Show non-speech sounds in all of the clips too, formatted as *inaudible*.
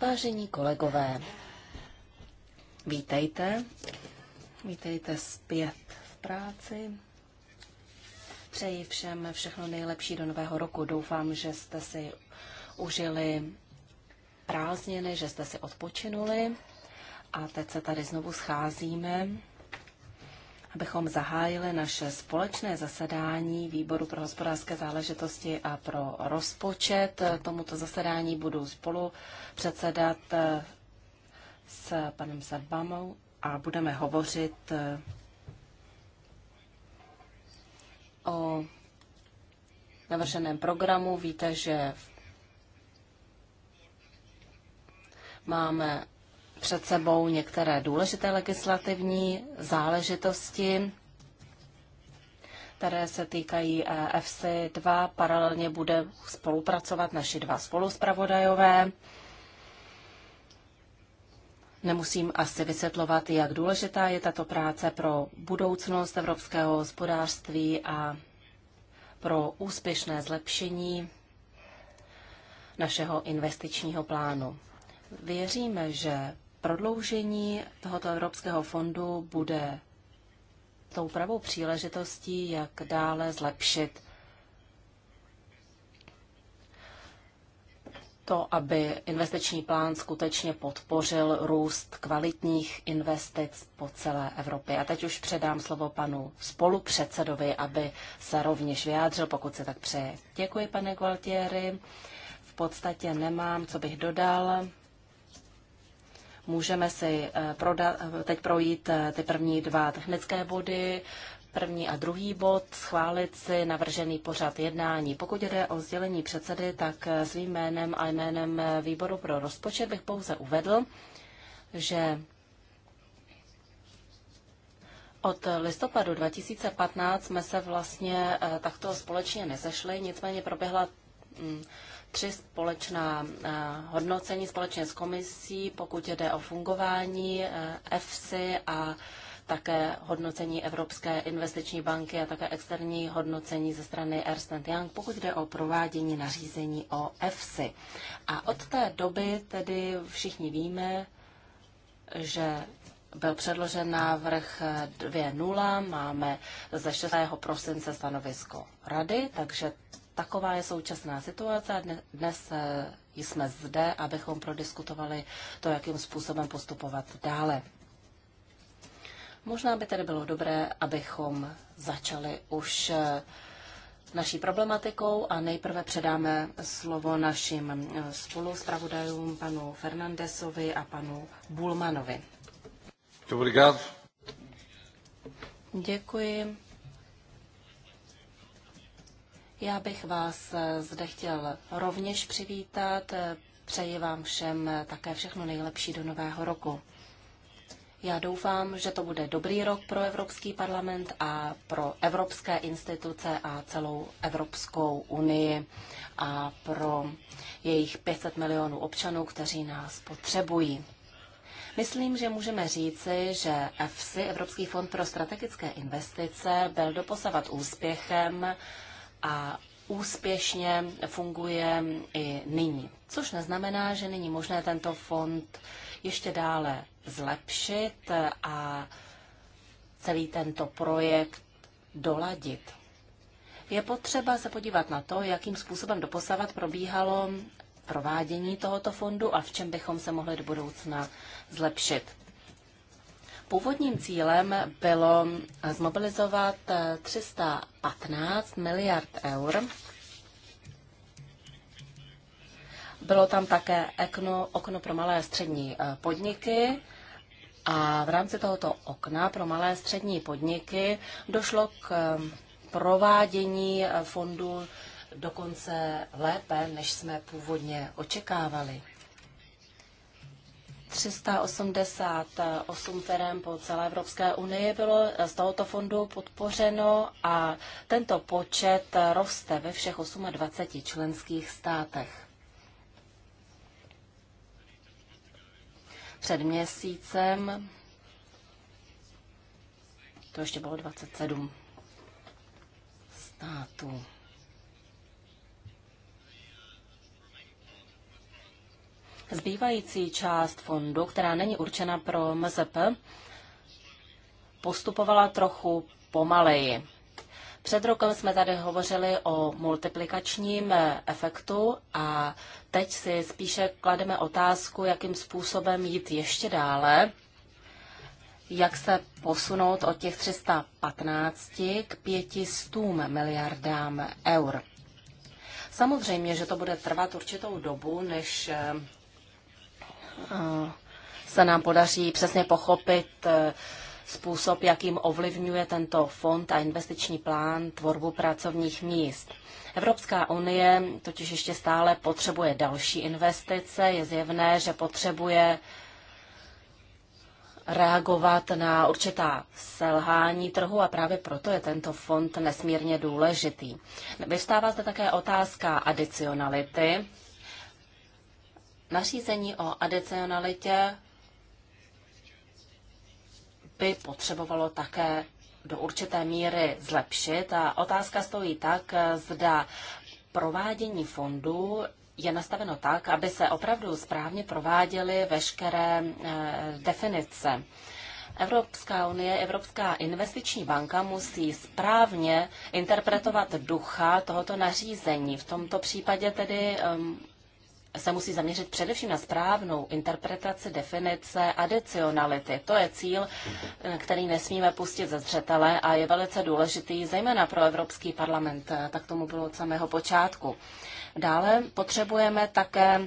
Vážení kolegové, vítejte. Vítejte zpět v práci. Přeji všem všechno nejlepší do nového roku. Doufám, že jste si užili prázdniny, že jste si odpočinuli. A teď se tady znovu scházíme abychom zahájili naše společné zasedání Výboru pro hospodářské záležitosti a pro rozpočet. Tomuto zasedání budu spolu předsedat eh, s panem Sadbamou a budeme hovořit eh, o navrženém programu. Víte, že máme před sebou některé důležité legislativní záležitosti, které se týkají eh, fc 2. Paralelně bude spolupracovat naši dva spoluspravodajové. Nemusím asi vysvětlovat, jak důležitá je tato práce pro budoucnost evropského hospodářství a pro úspěšné zlepšení našeho investičního plánu. Věříme, že prodloužení tohoto Evropského fondu bude tou pravou příležitostí, jak dále zlepšit to, aby investiční plán skutečně podpořil růst kvalitních investic po celé Evropě. A teď už předám slovo panu spolupředsedovi, aby se rovněž vyjádřil, pokud se tak přeje. Děkuji, pane Gualtieri. V podstatě nemám, co bych dodal. Můžeme si eh, prodat, eh, teď projít eh, ty první dva technické body, první a druhý bod, schválit si navržený pořad jednání. Pokud jde o sdělení předsedy, tak svým jménem a jménem výboru pro rozpočet bych pouze uvedl, že od listopadu 2015 jsme se vlastně takto společně nezešli, nicméně proběhla Mm, tři společná eh, hodnocení společně s komisí, pokud jde o fungování eh, EFSI a také hodnocení Evropské investiční banky a také externí hodnocení ze strany Ernst Young, pokud jde o provádění nařízení o EFSI. A od té doby tedy všichni víme, že byl předložen návrh 2.0, máme ze 6. prosince stanovisko rady, takže Taková je současná situace a dnes eh, jsme zde, abychom prodiskutovali to, jakým způsobem postupovat dále. Možná by tedy bylo dobré, abychom začali už eh, naší problematikou a nejprve předáme slovo našim eh, spoluzpravodajům, panu Fernandesovi a panu Bulmanovi. Děkuji. Já bych vás eh, zde chtěl rovněž přivítat. Eh, Přeji vám všem eh, také všechno nejlepší do nového roku. Já doufám, že to bude dobrý rok pro Evropský parlament a pro evropské instituce a celou Evropskou unii a pro jejich 500 milionů občanů, kteří nás potřebují. Myslím, že můžeme říci, že EFSI, Evropský fond pro strategické investice, byl doposavat úspěchem a úspěšně funguje i nyní. Což neznamená, že není možné tento fond ještě dále zlepšit a celý tento projekt doladit. Je potřeba se podívat na to, jakým způsobem doposavat probíhalo provádění tohoto fondu a v čem bychom se mohli do budoucna zlepšit původním cílem bylo zmobilizovat 315 eh, miliard eur. Bylo tam také okno, okno pro malé a střední eh, podniky a v rámci tohoto okna pro malé a střední podniky došlo k eh, provádění fondu dokonce lépe, než jsme původně očekávali. 388 firm po celé Evropské unii bylo z tohoto fondu podpořeno a tento počet roste ve všech 28 členských státech. Před měsícem to ještě bylo 27 států. zbývající část fondu, která není určena pro MZP, postupovala trochu pomaleji. Před rokem jsme tady hovořili o multiplikačním eh, efektu a teď si spíše klademe otázku, jakým způsobem jít ještě dále, jak se posunout od těch 315 k 500 miliardám eur. Samozřejmě, že to bude trvat určitou dobu, než eh, Eh, se nám podaří přesně pochopit eh, způsob, jakým ovlivňuje tento fond a investiční plán tvorbu pracovních míst. Evropská unie totiž ještě stále potřebuje další investice. Je zjevné, že potřebuje reagovat na určitá selhání trhu a právě proto je tento fond nesmírně důležitý. Vystává zde také otázka adicionality, nařízení o adicionalitě by potřebovalo také do určité míry zlepšit a otázka stojí tak, zda provádění fondů je nastaveno tak, aby se opravdu správně prováděly veškeré eh, definice. Evropská unie, Evropská investiční banka musí správně interpretovat ducha tohoto nařízení. V tomto případě tedy ehm, se musí zaměřit především na správnou interpretaci definice adicionality. To je cíl, eh, který nesmíme pustit ze zřetele a je velice důležitý zejména pro Evropský parlament. Eh, tak tomu bylo od samého počátku. Dále potřebujeme také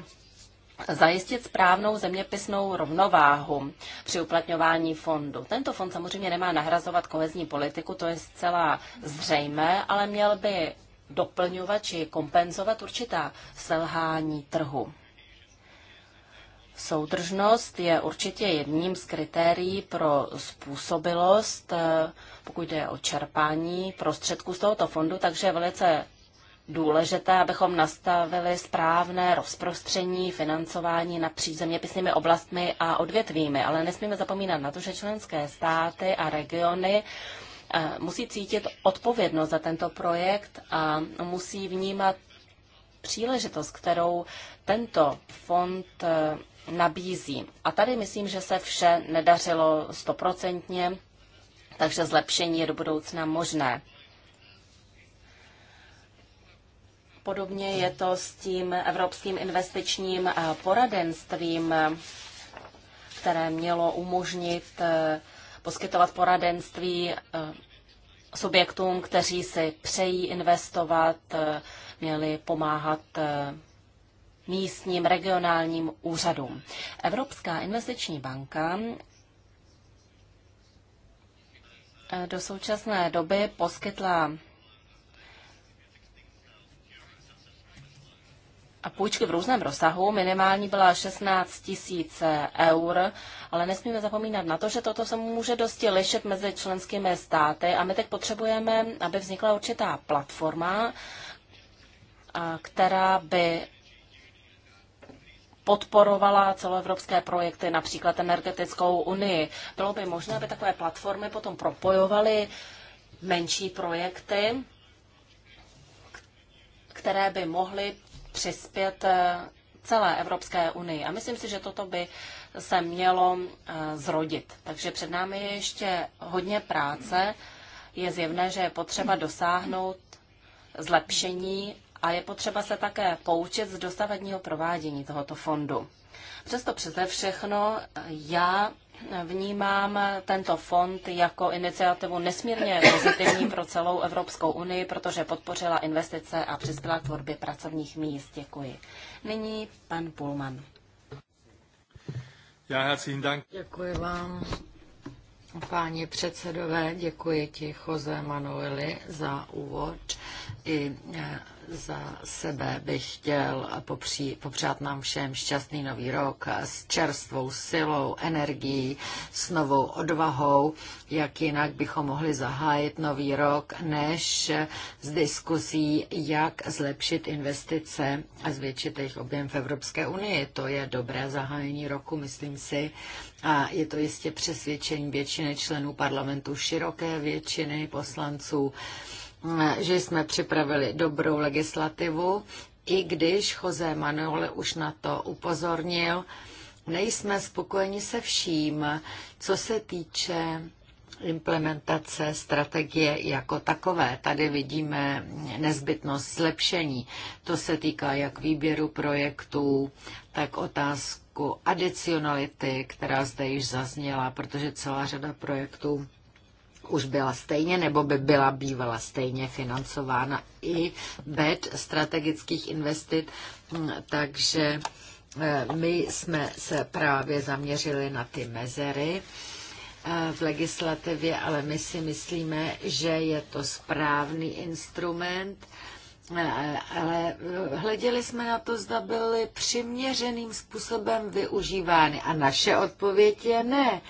zajistit správnou zeměpisnou rovnováhu při uplatňování fondu. Tento fond samozřejmě nemá nahrazovat kohezní politiku, to je zcela zřejmé, ale měl by doplňovat či kompenzovat určitá selhání trhu. Soudržnost je určitě jedním z kritérií pro způsobilost, eh, pokud jde o čerpání prostředků z tohoto fondu, takže je velice důležité, abychom nastavili správné rozprostření financování napříč zeměpisnými oblastmi a odvětvími, ale nesmíme zapomínat na to, že členské státy a regiony Eh, musí cítit odpovědnost za tento projekt a musí vnímat příležitost, kterou tento fond eh, nabízí. A tady myslím, že se vše nedařilo stoprocentně, takže zlepšení je do budoucna možné. Podobně je to s tím Evropským investičním eh, poradenstvím, které mělo umožnit poskytovat poradenství eh, subjektům, kteří si přejí investovat, eh, měli pomáhat eh, místním regionálním úřadům. Evropská investiční banka do současné doby poskytla půjčky v různém rozsahu. Minimální byla 16 tisíc eur, ale nesmíme zapomínat na to, že toto se může dosti lišit mezi členskými státy a my teď potřebujeme, aby vznikla určitá platforma, která by podporovala celoevropské projekty, například energetickou unii. Bylo by možné, aby takové platformy potom propojovaly menší projekty, které by mohly přispět eh, celé Evropské unii. A myslím si, že toto by se mělo eh, zrodit. Takže před námi je ještě hodně práce. Je zjevné, že je potřeba dosáhnout zlepšení a je potřeba se také poučit z dosavadního provádění tohoto fondu. Přesto přeze všechno eh, já vnímám tento fond jako iniciativu nesmírně pozitivní pro celou Evropskou unii, protože podpořila investice a přispěla k tvorbě pracovních míst. Děkuji. Nyní pan Pulman. Já herzlichen Dank. Děkuji vám. Páni předsedové, děkuji ti, Jose Manueli, za úvod i eh, za sebe bych chtěl popří, popřát nám všem šťastný nový rok s čerstvou silou, energií, s novou odvahou. Jak jinak bychom mohli zahájit nový rok, než s diskuzí, jak zlepšit investice a zvětšit jejich objem v Evropské unii. To je dobré zahájení roku, myslím si. A je to jistě přesvědčení většiny členů parlamentu, široké většiny poslanců že jsme připravili dobrou legislativu, i když Jose Manuel už na to upozornil, nejsme spokojeni se vším, co se týče implementace strategie jako takové. Tady vidíme nezbytnost zlepšení. To se týká jak výběru projektů, tak otázku adicionality, která zde již zazněla, protože celá řada projektů už byla stejně nebo by byla bývala stejně financována i bed strategických investit, mm, takže e, my jsme se právě zaměřili na ty mezery e, v legislativě, ale my si myslíme, že je to správný instrument, e, ale hleděli jsme na to, zda byly přiměřeným způsobem využívány. A naše odpověď je ne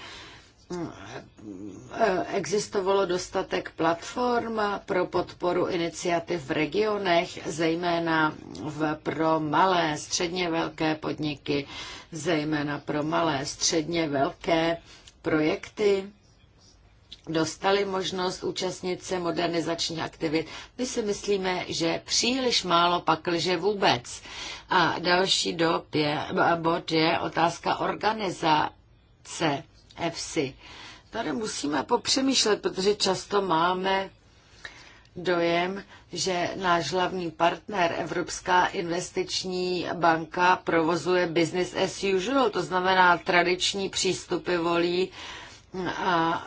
existovalo dostatek platform pro podporu iniciativ v regionech, zejména v, pro malé, středně velké podniky, zejména pro malé, středně velké projekty. Dostali možnost účastnit se modernizačních aktivit. My si myslíme, že příliš málo pakliže vůbec. A další dob je, bod je otázka organizace EFSI. Tady musíme popřemýšlet, protože často máme dojem, že náš hlavní partner, Evropská investiční banka, provozuje business as usual, to znamená tradiční přístupy volí a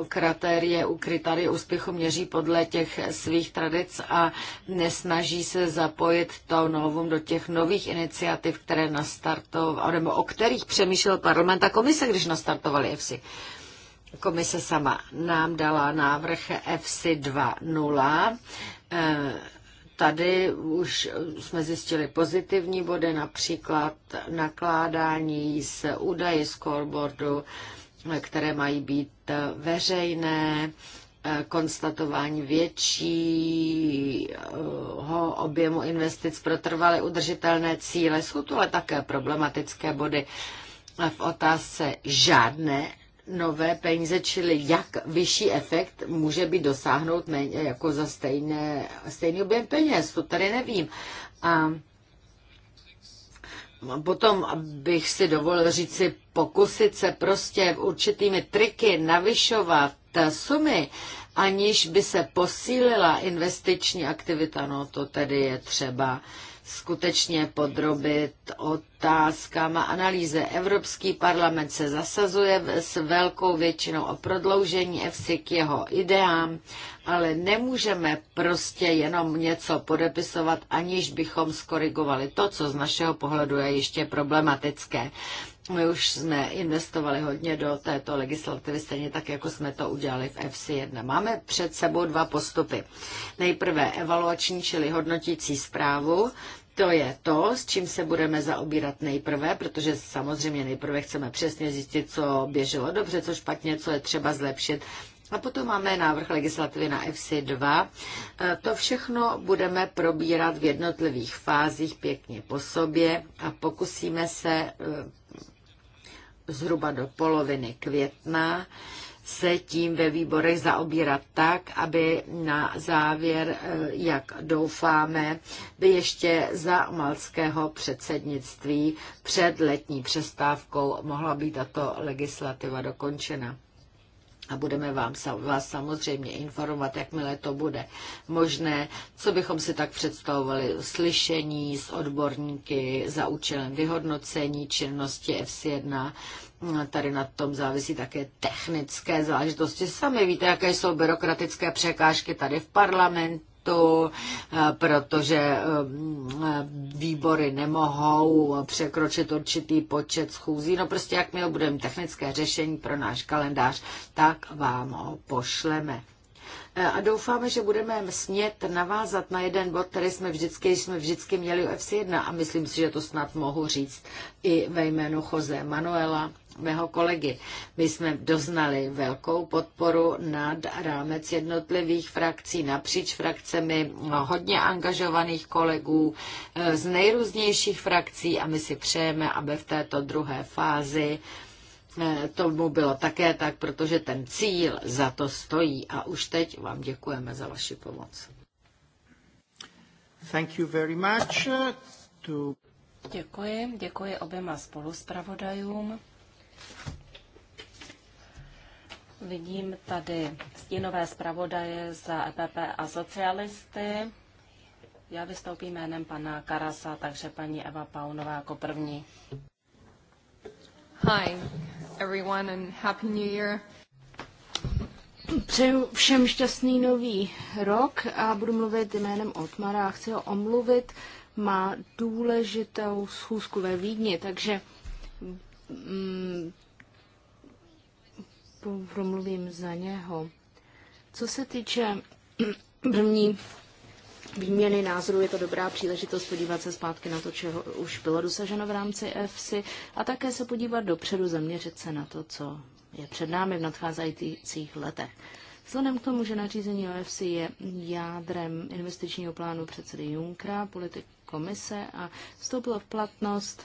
e, kratérie je ukrytary úspěchu měří podle těch svých tradic a nesnaží se zapojit to novum do těch nových iniciativ, které nastartoval, nebo o kterých přemýšlel parlament a komise, když nastartovali EFSI. Komise sama nám dala návrh EFSI 2.0. Tady už jsme zjistili pozitivní body, například nakládání s údaji scoreboardu, které mají být eh, veřejné, eh, konstatování většího objemu investic pro trvalé udržitelné cíle. Jsou tu ale také problematické body v otázce žádné nové peníze, čili jak vyšší efekt může být dosáhnout méně, jako za stejné, stejný objem peněz, to tady nevím. A Potom bych si dovolil říci, pokusit se prostě určitými triky navyšovat sumy, aniž by se posílila investiční aktivita, no to tedy je třeba skutečně podrobit otázkám a analýze. Evropský parlament se zasazuje s velkou většinou o prodloužení EFSI k jeho ideám ale nemůžeme prostě jenom něco podepisovat, aniž bychom skorigovali to, co z našeho pohledu je ještě problematické. My už jsme investovali hodně do této legislativy, stejně tak, jako jsme to udělali v FC1. Máme před sebou dva postupy. Nejprve evaluační, čili hodnotící zprávu, to je to, s čím se budeme zaobírat nejprve, protože samozřejmě nejprve chceme přesně zjistit, co běželo dobře, co špatně, co je třeba zlepšit a potom máme návrh legislativy na FC2. E, to všechno budeme probírat v jednotlivých fázích pěkně po sobě a pokusíme se e, zhruba do poloviny května se tím ve výborech zaobírat tak, aby na závěr, e, jak doufáme, by ještě za malského předsednictví před letní přestávkou mohla být tato legislativa dokončena a budeme vám, vás samozřejmě informovat, jakmile to bude možné, co bychom si tak představovali, slyšení s odborníky za účelem vyhodnocení činnosti fs 1 Tady na tom závisí také technické záležitosti. Sami víte, jaké jsou byrokratické překážky tady v parlamentu lhůtu, eh, protože eh, výbory nemohou překročit určitý počet schůzí. No prostě jakmile budeme technické řešení pro náš kalendář, tak vám ho pošleme. Eh, a doufáme, že budeme smět navázat na jeden bod, který jsme vždycky, jsme vždycky měli u FC1 a myslím si, že to snad mohu říct i ve jménu Jose Manuela, mého kolegy. My jsme doznali velkou podporu nad rámec jednotlivých frakcí, napříč frakcemi hodně angažovaných kolegů eh, z nejrůznějších frakcí a my si přejeme, aby v této druhé fázi Eh, tomu bylo také tak, protože ten cíl za to stojí a už teď vám děkujeme za vaši pomoc. Thank you very much eh, to... Děkuji, děkuji oběma spoluspravodajům. Vidím tady stínové zpravodaje za EPP a socialisty. Já vystoupím jménem pana Karasa, takže paní Eva Paunová jako první. Hi everyone and happy new year. Přeju všem šťastný nový rok a budu mluvit jménem Otmara a chci ho omluvit. Má důležitou schůzku ve Vídni, takže mm, promluvím za něho. Co se týče mm, první výměny názorů je to dobrá příležitost podívat se zpátky na to, čeho už bylo dosaženo v rámci EFSI a také se podívat dopředu, zaměřit se na to, co je před námi v nadcházejících letech. Vzhledem k tomu, že nařízení OFC je jádrem investičního plánu předsedy Junckera, politik komise a vstoupilo v platnost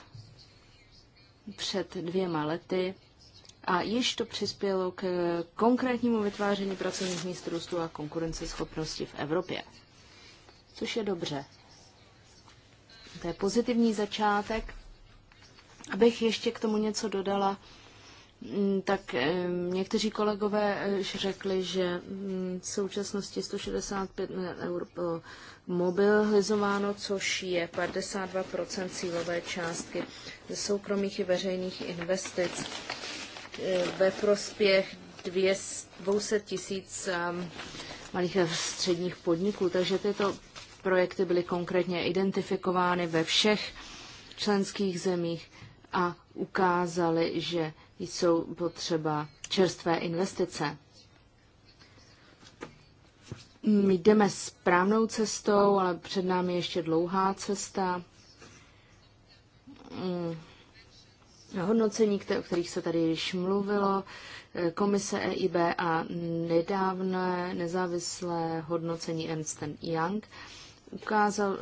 před dvěma lety a již to přispělo k konkrétnímu vytváření pracovních míst růstu a konkurenceschopnosti v Evropě což je dobře. To je pozitivní začátek. Abych ještě k tomu něco dodala, mm, tak někteří kolegové eh, řekli, že mm, v současnosti 165 eur bylo mobilizováno, což je 52 cílové částky ze soukromých i veřejných investic eh, ve prospěch 200 tisíc malých a středních podniků. Takže tyto projekty byly konkrétně identifikovány ve všech členských zemích a ukázaly, že jsou potřeba čerstvé investice. My jdeme správnou cestou, ale před námi ještě dlouhá cesta. Mm. Hodnocení, o kterých se tady již mluvilo, eh, komise EIB a nedávné nezávislé hodnocení Ernst Young ukázal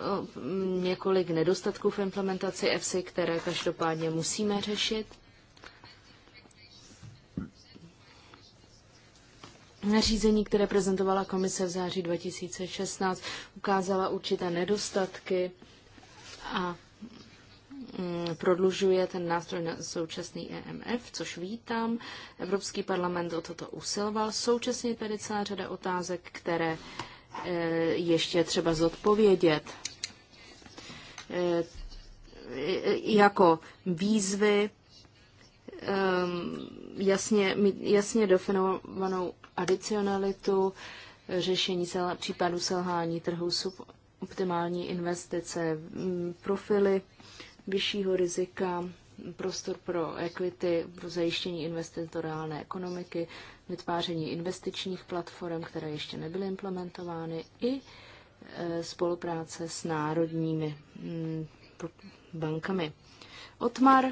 několik nedostatků v implementaci EFSI, které každopádně musíme řešit. Nařízení, které prezentovala komise v září 2016, ukázala určité nedostatky a prodlužuje ten nástroj na současný EMF, což vítám. Evropský parlament o toto usiloval. Současně je tady celá řada otázek, které uh, Eh, ještě třeba zodpovědět eh, jako výzvy, ehm, jasně, jasně definovanou adicionalitu, řešení sel, případů selhání trhu, optimální investice, mm, profily vyššího rizika, prostor pro equity, pro zajištění investic do reálné ekonomiky, vytváření investičních platform, které ještě nebyly implementovány, i e, spolupráce s národními mm, bankami. Otmar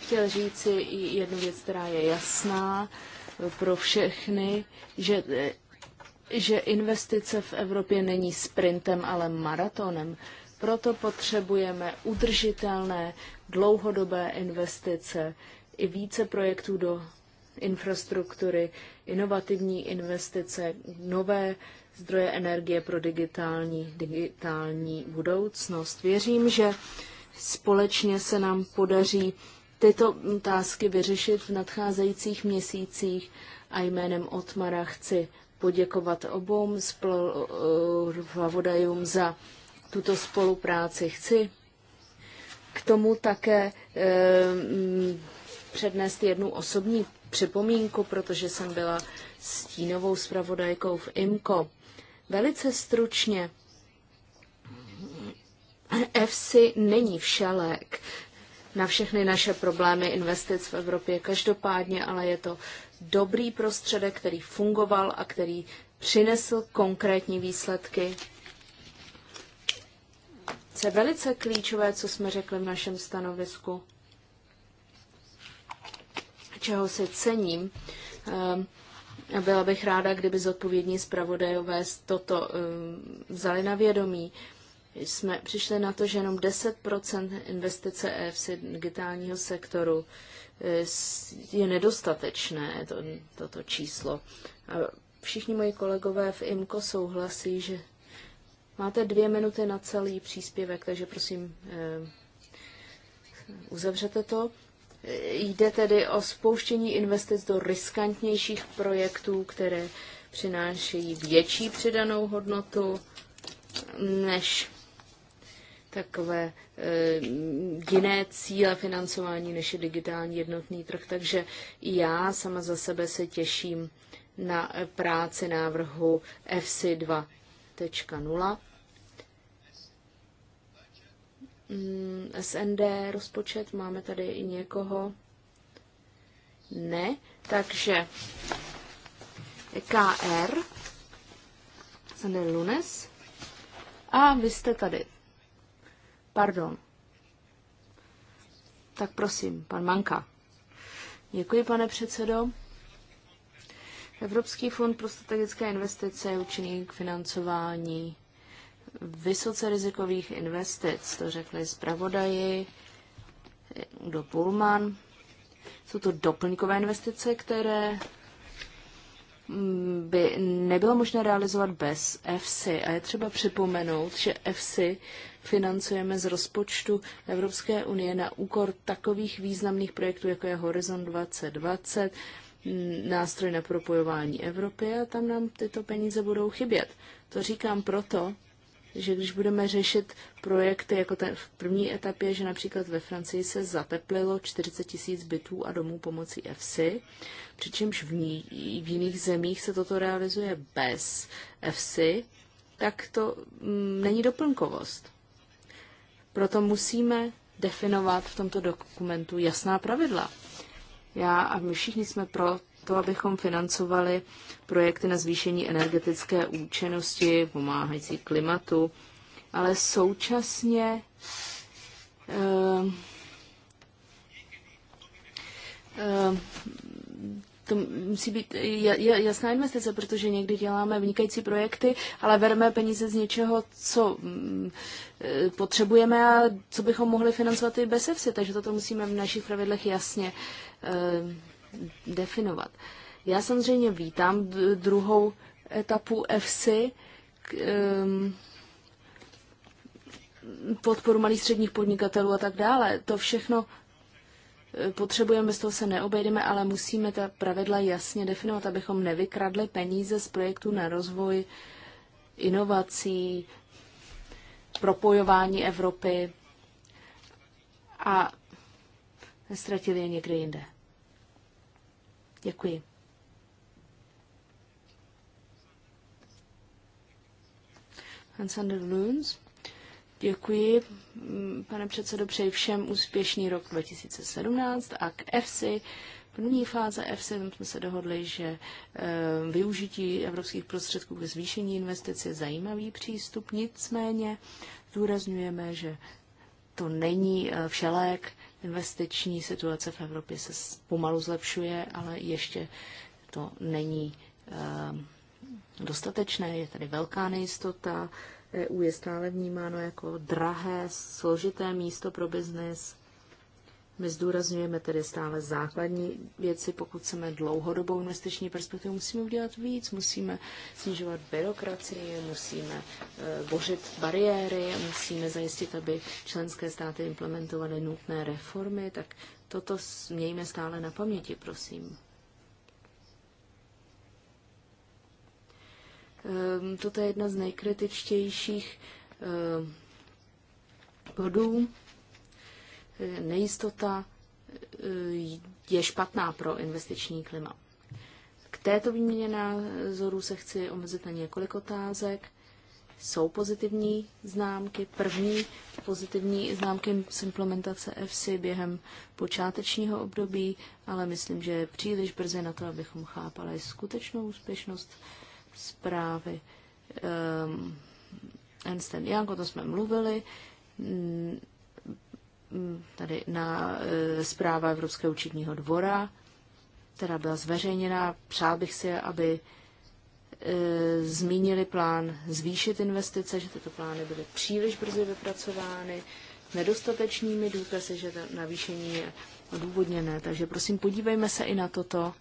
chtěl říci jednu věc, která je jasná e, pro všechny, že, e, že investice v Evropě není sprintem, ale maratonem. Proto potřebujeme udržitelné dlouhodobé investice i více projektů do infrastruktury, inovativní investice, nové zdroje energie pro digitální, digitální budoucnost. Věřím, že společně se nám podaří tyto otázky vyřešit v nadcházejících měsících a jménem Otmara chci poděkovat obou zpravodajům za tuto spolupráci. Chci k tomu také e, přednést jednu osobní připomínku, protože jsem byla stínovou zpravodajkou v IMCO. Velice stručně, EFSI není všelek na všechny naše problémy investic v Evropě. Každopádně ale je to dobrý prostředek, který fungoval a který přinesl konkrétní výsledky. Co je velice klíčové, co jsme řekli v našem stanovisku čeho si cením. Ehm, byla bych ráda, kdyby zodpovědní zpravodajové toto ehm, vzali na vědomí. Jsme přišli na to, že jenom 10 investice EFSI digitálního sektoru ehm, je nedostatečné, to, toto číslo. A všichni moji kolegové v IMCO souhlasí, že máte dvě minuty na celý příspěvek, takže prosím, uzavřete to. Jde tedy o spouštění investic do riskantnějších projektů, které přinášejí větší přidanou hodnotu než takové e, jiné cíle financování, než je digitální jednotný trh. Takže já sama za sebe se těším na práci návrhu FC 2.0 Mm, SND rozpočet, máme tady i někoho? Ne, takže KR, SND Lunes, a vy jste tady. Pardon. Tak prosím, pan Manka. Děkuji, pane předsedo. Evropský fond pro strategické investice je k financování vysoce rizikových investic, to řekli zpravodaji do Pullman. Jsou to doplňkové investice, které mm, by nebylo možné realizovat bez EFSI. A je třeba připomenout, že EFSI financujeme z rozpočtu Evropské unie na úkor takových významných projektů, jako je Horizon 2020, mm, nástroj na propojování Evropy a tam nám tyto peníze budou chybět. To říkám proto, že když budeme řešit projekty jako ten v první etapě, že například ve Francii se zateplilo 40 tisíc bytů a domů pomocí EFSI, přičemž v, ní, v jiných zemích se toto realizuje bez EFSI, tak to mm, není doplnkovost. Proto musíme definovat v tomto dokumentu jasná pravidla. Já a my všichni jsme pro to, abychom financovali projekty na zvýšení energetické účinnosti, pomáhající klimatu, ale současně eh, eh, to musí být jasná investice, protože někdy děláme vynikající projekty, ale bereme peníze z něčeho, co mm, eh, potřebujeme a co bychom mohli financovat i bez EFSI, takže toto musíme v našich pravidlech jasně definovat. Já samozřejmě vítám druhou etapu FC podporu malých středních podnikatelů a tak dále. To všechno e, potřebujeme, bez toho se neobejdeme, ale musíme ta pravidla jasně definovat, abychom nevykradli peníze z projektu na rozvoj inovací, propojování Evropy a ztratili je někde jinde. Děkuji. Hans Luns. Děkuji, pane předsedo, přeji všem úspěšný rok 2017 a k EFSI. První fáze EFSI, tam jsme se dohodli, že eh, využití evropských prostředků ke zvýšení investic je zajímavý přístup, nicméně zdůrazňujeme, že to není eh, všelék, Investiční situace v Evropě se pomalu zlepšuje, ale ještě to není ehm, dostatečné. Je tady velká nejistota. EU je stále vnímáno jako drahé, složité místo pro biznis my zdůrazňujeme tedy stále základní věci, pokud chceme dlouhodobou investiční perspektivu, musíme udělat víc, musíme snižovat byrokracii, musíme eh, bořit bariéry, musíme zajistit, aby členské státy implementovaly nutné reformy, tak toto mějme stále na paměti, prosím. Ehm, toto je jedna z nejkritičtějších ehm, bodů nejistota eh, je špatná pro investiční klima. K této výměně názorů se chci omezit na několik otázek. Jsou pozitivní známky. První pozitivní známky z implementace EFSI během počátečního období, ale myslím, že je příliš brzy na to, abychom chápali skutečnou úspěšnost zprávy. Um, Ernst Young, o tom jsme mluvili Mm, tady na e, zpráva Evropského učitního dvora, která byla zveřejněna. Přál bych si, aby e, zmínili plán zvýšit investice, že tyto plány byly příliš brzy vypracovány, nedostatečnými důkazy, že to navýšení je odůvodněné. Takže prosím, podívejme se i na toto.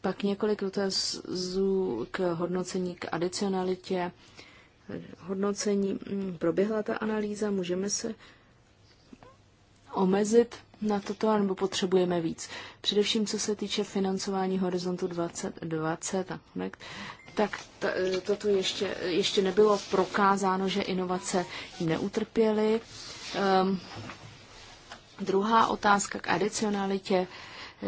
Pak několik dotazů k hodnocení k adicionalitě. Hodnocení, mm, proběhla ta analýza, můžeme se omezit na toto, anebo potřebujeme víc. Především co se týče financování Horizontu 2020 tak, tak e, toto ještě, ještě nebylo prokázáno, že inovace neutrpěly. Um, druhá otázka k adicionalitě.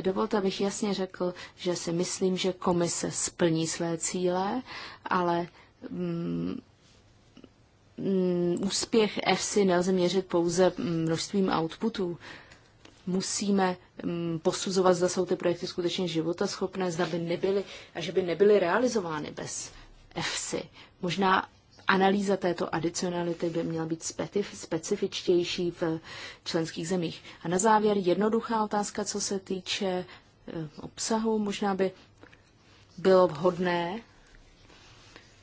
Dovolte, abych jasně řekl, že si myslím, že komise splní své cíle, ale um, Mm, úspěch EFSI nelze měřit pouze mm, množstvím outputů. Musíme mm, posuzovat, zda jsou ty projekty skutečně životaschopné, zda by nebyly a že by nebyly realizovány bez EFSI. Možná analýza této adicionality by měla být specifičtější v členských zemích. A na závěr jednoduchá otázka, co se týče eh, obsahu. Možná by bylo vhodné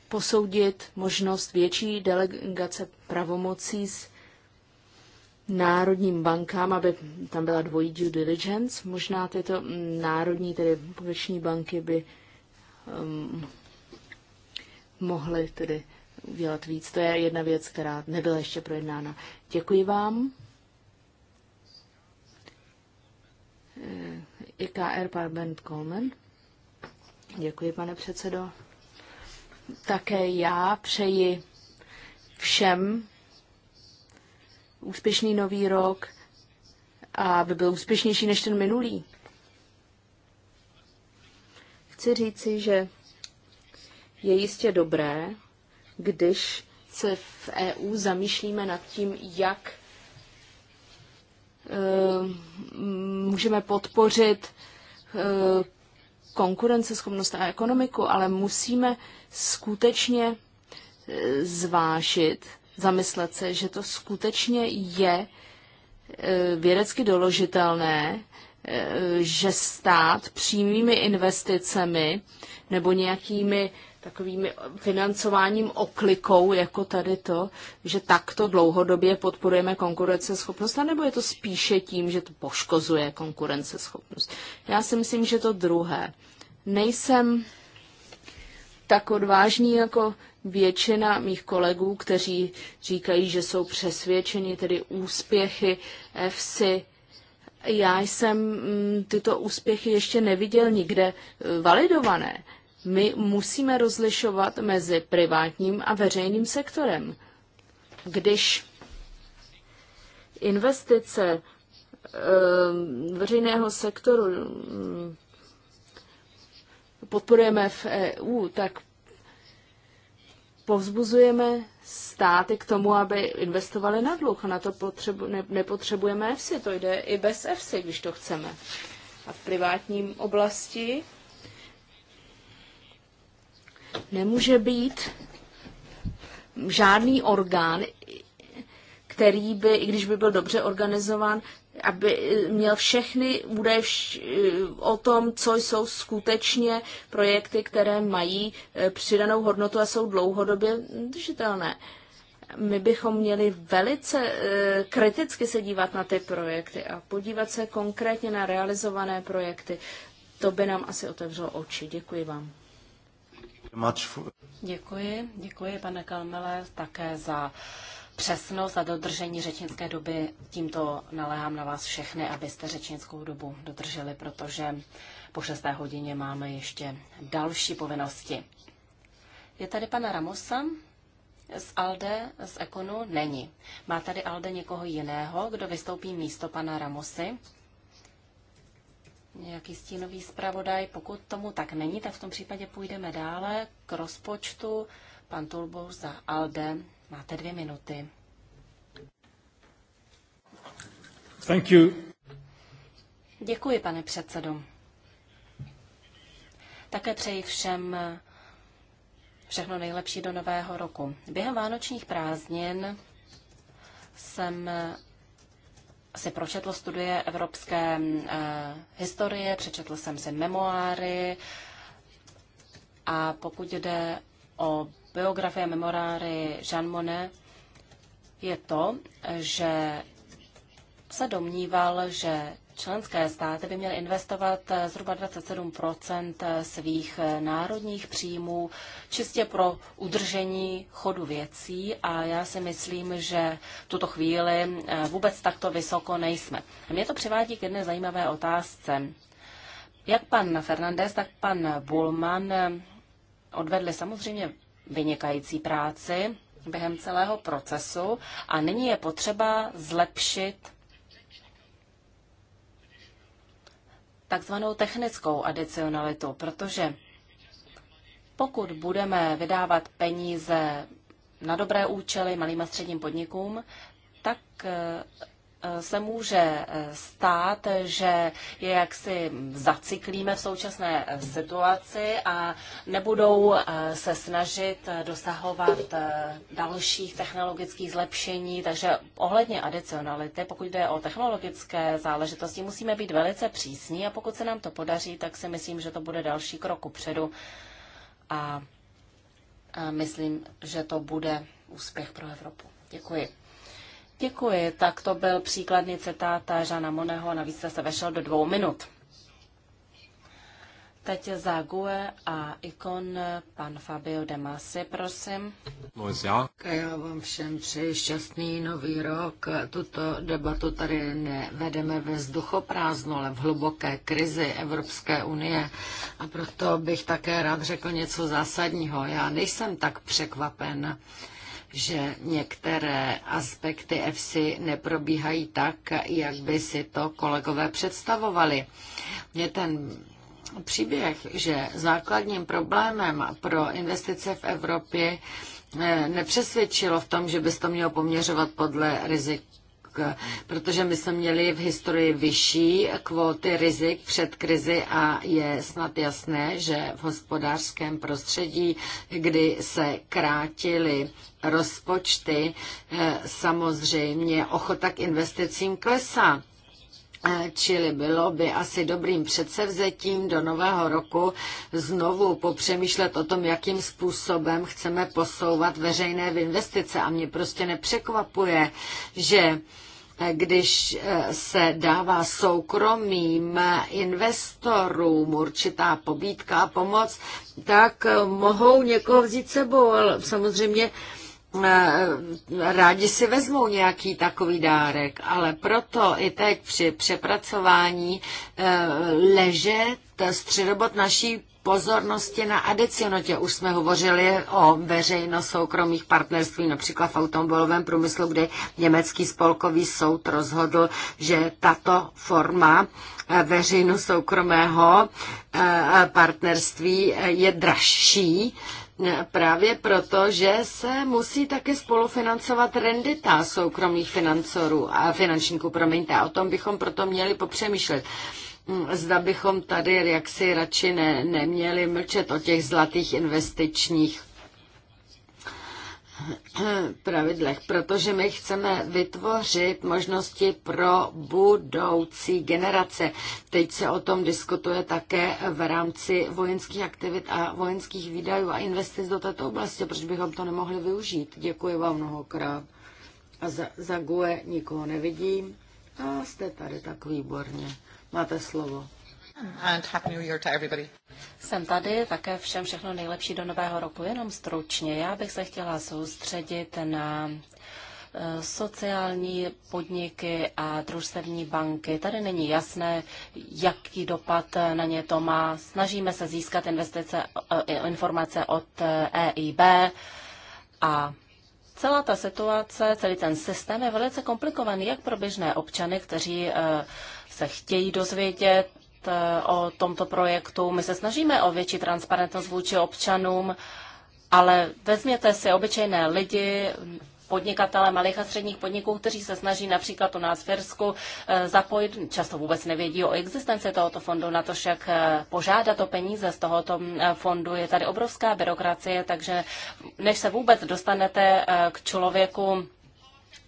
posoudit možnost větší delegace pravomocí s národním bankám, aby tam byla dvojí due diligence. Možná tyto mm, národní, tedy půlnoční banky by um, mohly tedy udělat víc. To je jedna věc, která nebyla ještě projednána. Děkuji vám. Eh, IKR Parbent Coleman. Děkuji, pane předsedo. Také já přeji všem úspěšný nový rok a aby byl úspěšnější než ten minulý. Chci říci, že je jistě dobré, když se v EU zamýšlíme nad tím, jak eh, můžeme podpořit eh, konkurenceschopnost a ekonomiku, ale musíme skutečně e, zvážit, zamyslet se, že to skutečně je e, vědecky doložitelné, e, že stát přímými investicemi nebo nějakými takovými financováním oklikou, jako tady to, že takto dlouhodobě podporujeme konkurenceschopnost, anebo je to spíše tím, že to poškozuje konkurenceschopnost? Já si myslím, že to druhé. Nejsem tak odvážný jako většina mých kolegů, kteří říkají, že jsou přesvědčeni tedy úspěchy EFSI. Já jsem mm, tyto úspěchy ještě neviděl nikde eh, validované. My musíme rozlišovat mezi privátním a veřejným sektorem. Když investice eh, veřejného sektoru mm, podporujeme v EU, tak povzbuzujeme státy k tomu, aby investovali na dluh. Na to potřebu, ne, nepotřebujeme EFSI, to jde i bez EFSI, když to chceme. A v privátním oblasti Nemůže být žádný orgán, který by, i když by byl dobře organizován, aby měl všechny údaje vš- eh, o tom, co jsou skutečně projekty, které mají eh, přidanou hodnotu a jsou dlouhodobě držitelné. My bychom měli velice eh, kriticky se dívat na ty projekty a podívat se konkrétně na realizované projekty. To by nám asi otevřelo oči. Děkuji vám. Děkuji, děkuji pane Kalmele také za přesnost a dodržení řečnické doby. Tímto naléhám na vás všechny, abyste řečnickou dobu dodrželi, protože po 6. hodině máme ještě další povinnosti. Je tady pana Ramosa z Alde, z Ekonu? Není. Má tady Alde někoho jiného, kdo vystoupí místo pana Ramosy? nějaký stínový zpravodaj. Pokud tomu tak není, tak v tom případě půjdeme dále k rozpočtu. Pan Tulbou za ALDE. Máte dvě minuty. Thank you. Děkuji, pane předsedo. Také přeji všem všechno nejlepší do nového roku. Během vánočních prázdnin jsem si pročetl studie evropské uh, historie, přečetl jsem si memoáry a pokud jde o biografie a memoáry Jean Monnet, je to, že se domníval, že Členské státy by měly investovat eh, zhruba 27 eh, svých eh, národních příjmů čistě pro udržení chodu věcí a já si myslím, že v tuto chvíli vůbec takto vysoko nejsme. A mě to přivádí k jedné zajímavé otázce. Jak pan Fernandez, tak pan Bulman odvedli samozřejmě vynikající práci během celého procesu a nyní je potřeba zlepšit takzvanou technickou adicionalitu, protože pokud budeme vydávat peníze na dobré účely malým a středním podnikům, tak eh, Eh, se může eh, stát, že je jaksi zaciklíme v současné eh, situaci a nebudou se snažit dosahovat dalších technologických zlepšení. Takže ohledně adicionality, pokud jde o technologické záležitosti, musíme být velice přísní a pokud se nám to podaří, tak si myslím, že to bude další krok upředu a myslím, že to bude úspěch pro Evropu. Děkuji. Děkuji. Tak to byl příkladný citát Žana Moneho, navíc jste se vešel do dvou minut. Teď za GUE a ikon pan Fabio De Masi, prosím. No, já vám všem přeji šťastný nový rok. Tuto debatu tady nevedeme ve vzduchoprázdno, ale v hluboké krizi Evropské unie. A proto bych také rád řekl něco zásadního. Já nejsem tak překvapen, že některé aspekty EFSI neprobíhají tak, jak by si to kolegové představovali. Mě ten příběh, že základním problémem pro investice v Evropě eh, nepřesvědčilo v tom, že bys to mělo poměřovat podle rizik protože my jsme měli v historii vyšší kvóty rizik před krizi a je snad jasné, že v hospodářském prostředí, kdy se krátily rozpočty, eh, samozřejmě ochota k investicím klesá. Eh, čili bylo by asi dobrým předsevzetím do nového roku znovu popřemýšlet o tom, jakým způsobem chceme posouvat veřejné investice. A mě prostě nepřekvapuje, že když eh, se dává soukromým investorům určitá pobídka a pomoc, tak eh, mohou někoho vzít sebou, ale samozřejmě eh, rádi si vezmou nějaký takový dárek, ale proto i teď při přepracování ležet středobod naší pozornosti na adicionotě. Už jsme hovořili o veřejno-soukromých partnerství, například v automobilovém průmyslu, kde německý spolkový soud rozhodl, že tato forma eh, veřejno-soukromého eh, partnerství eh, je dražší Právě proto, že se musí také spolufinancovat rendita soukromých financorů a finančníků, promiňte, a o tom bychom proto měli popřemýšlet. Mm, zda bychom tady jaksi radši ne, neměli mlčet o těch zlatých investičních *clears throat* pravidlech, protože my chceme vytvořit možnosti pro budoucí generace. Teď se o tom diskutuje také v rámci vojenských aktivit a vojenských výdajů a investic do této oblasti, proč bychom to nemohli využít. Děkuji vám mnohokrát. A za, za GUE nikoho nevidím. A jste tady tak výborně. Máte slovo. And happy new year to everybody. Jsem tady, také všem všechno nejlepší do nového roku. Jenom stručně, já bych se chtěla soustředit na eh, sociální podniky a družstevní banky. Tady není jasné, jaký dopad na ně to má. Snažíme se získat investice, eh, informace od EIB eh, e a Celá ta situace, celý ten systém je velice komplikovaný jak pro běžné občany, kteří eh, se chtějí dozvědět eh, o tomto projektu. My se snažíme o větší transparentnost vůči občanům, ale vezměte si obyčejné lidi, podnikatele malých a středních podniků, kteří se snaží například u nás v Irsku eh, zapojit, často vůbec nevědí o existenci tohoto fondu, na to však eh, požádat o peníze z tohoto mm, eh, fondu. Je tady obrovská byrokracie, takže než se vůbec dostanete k člověku,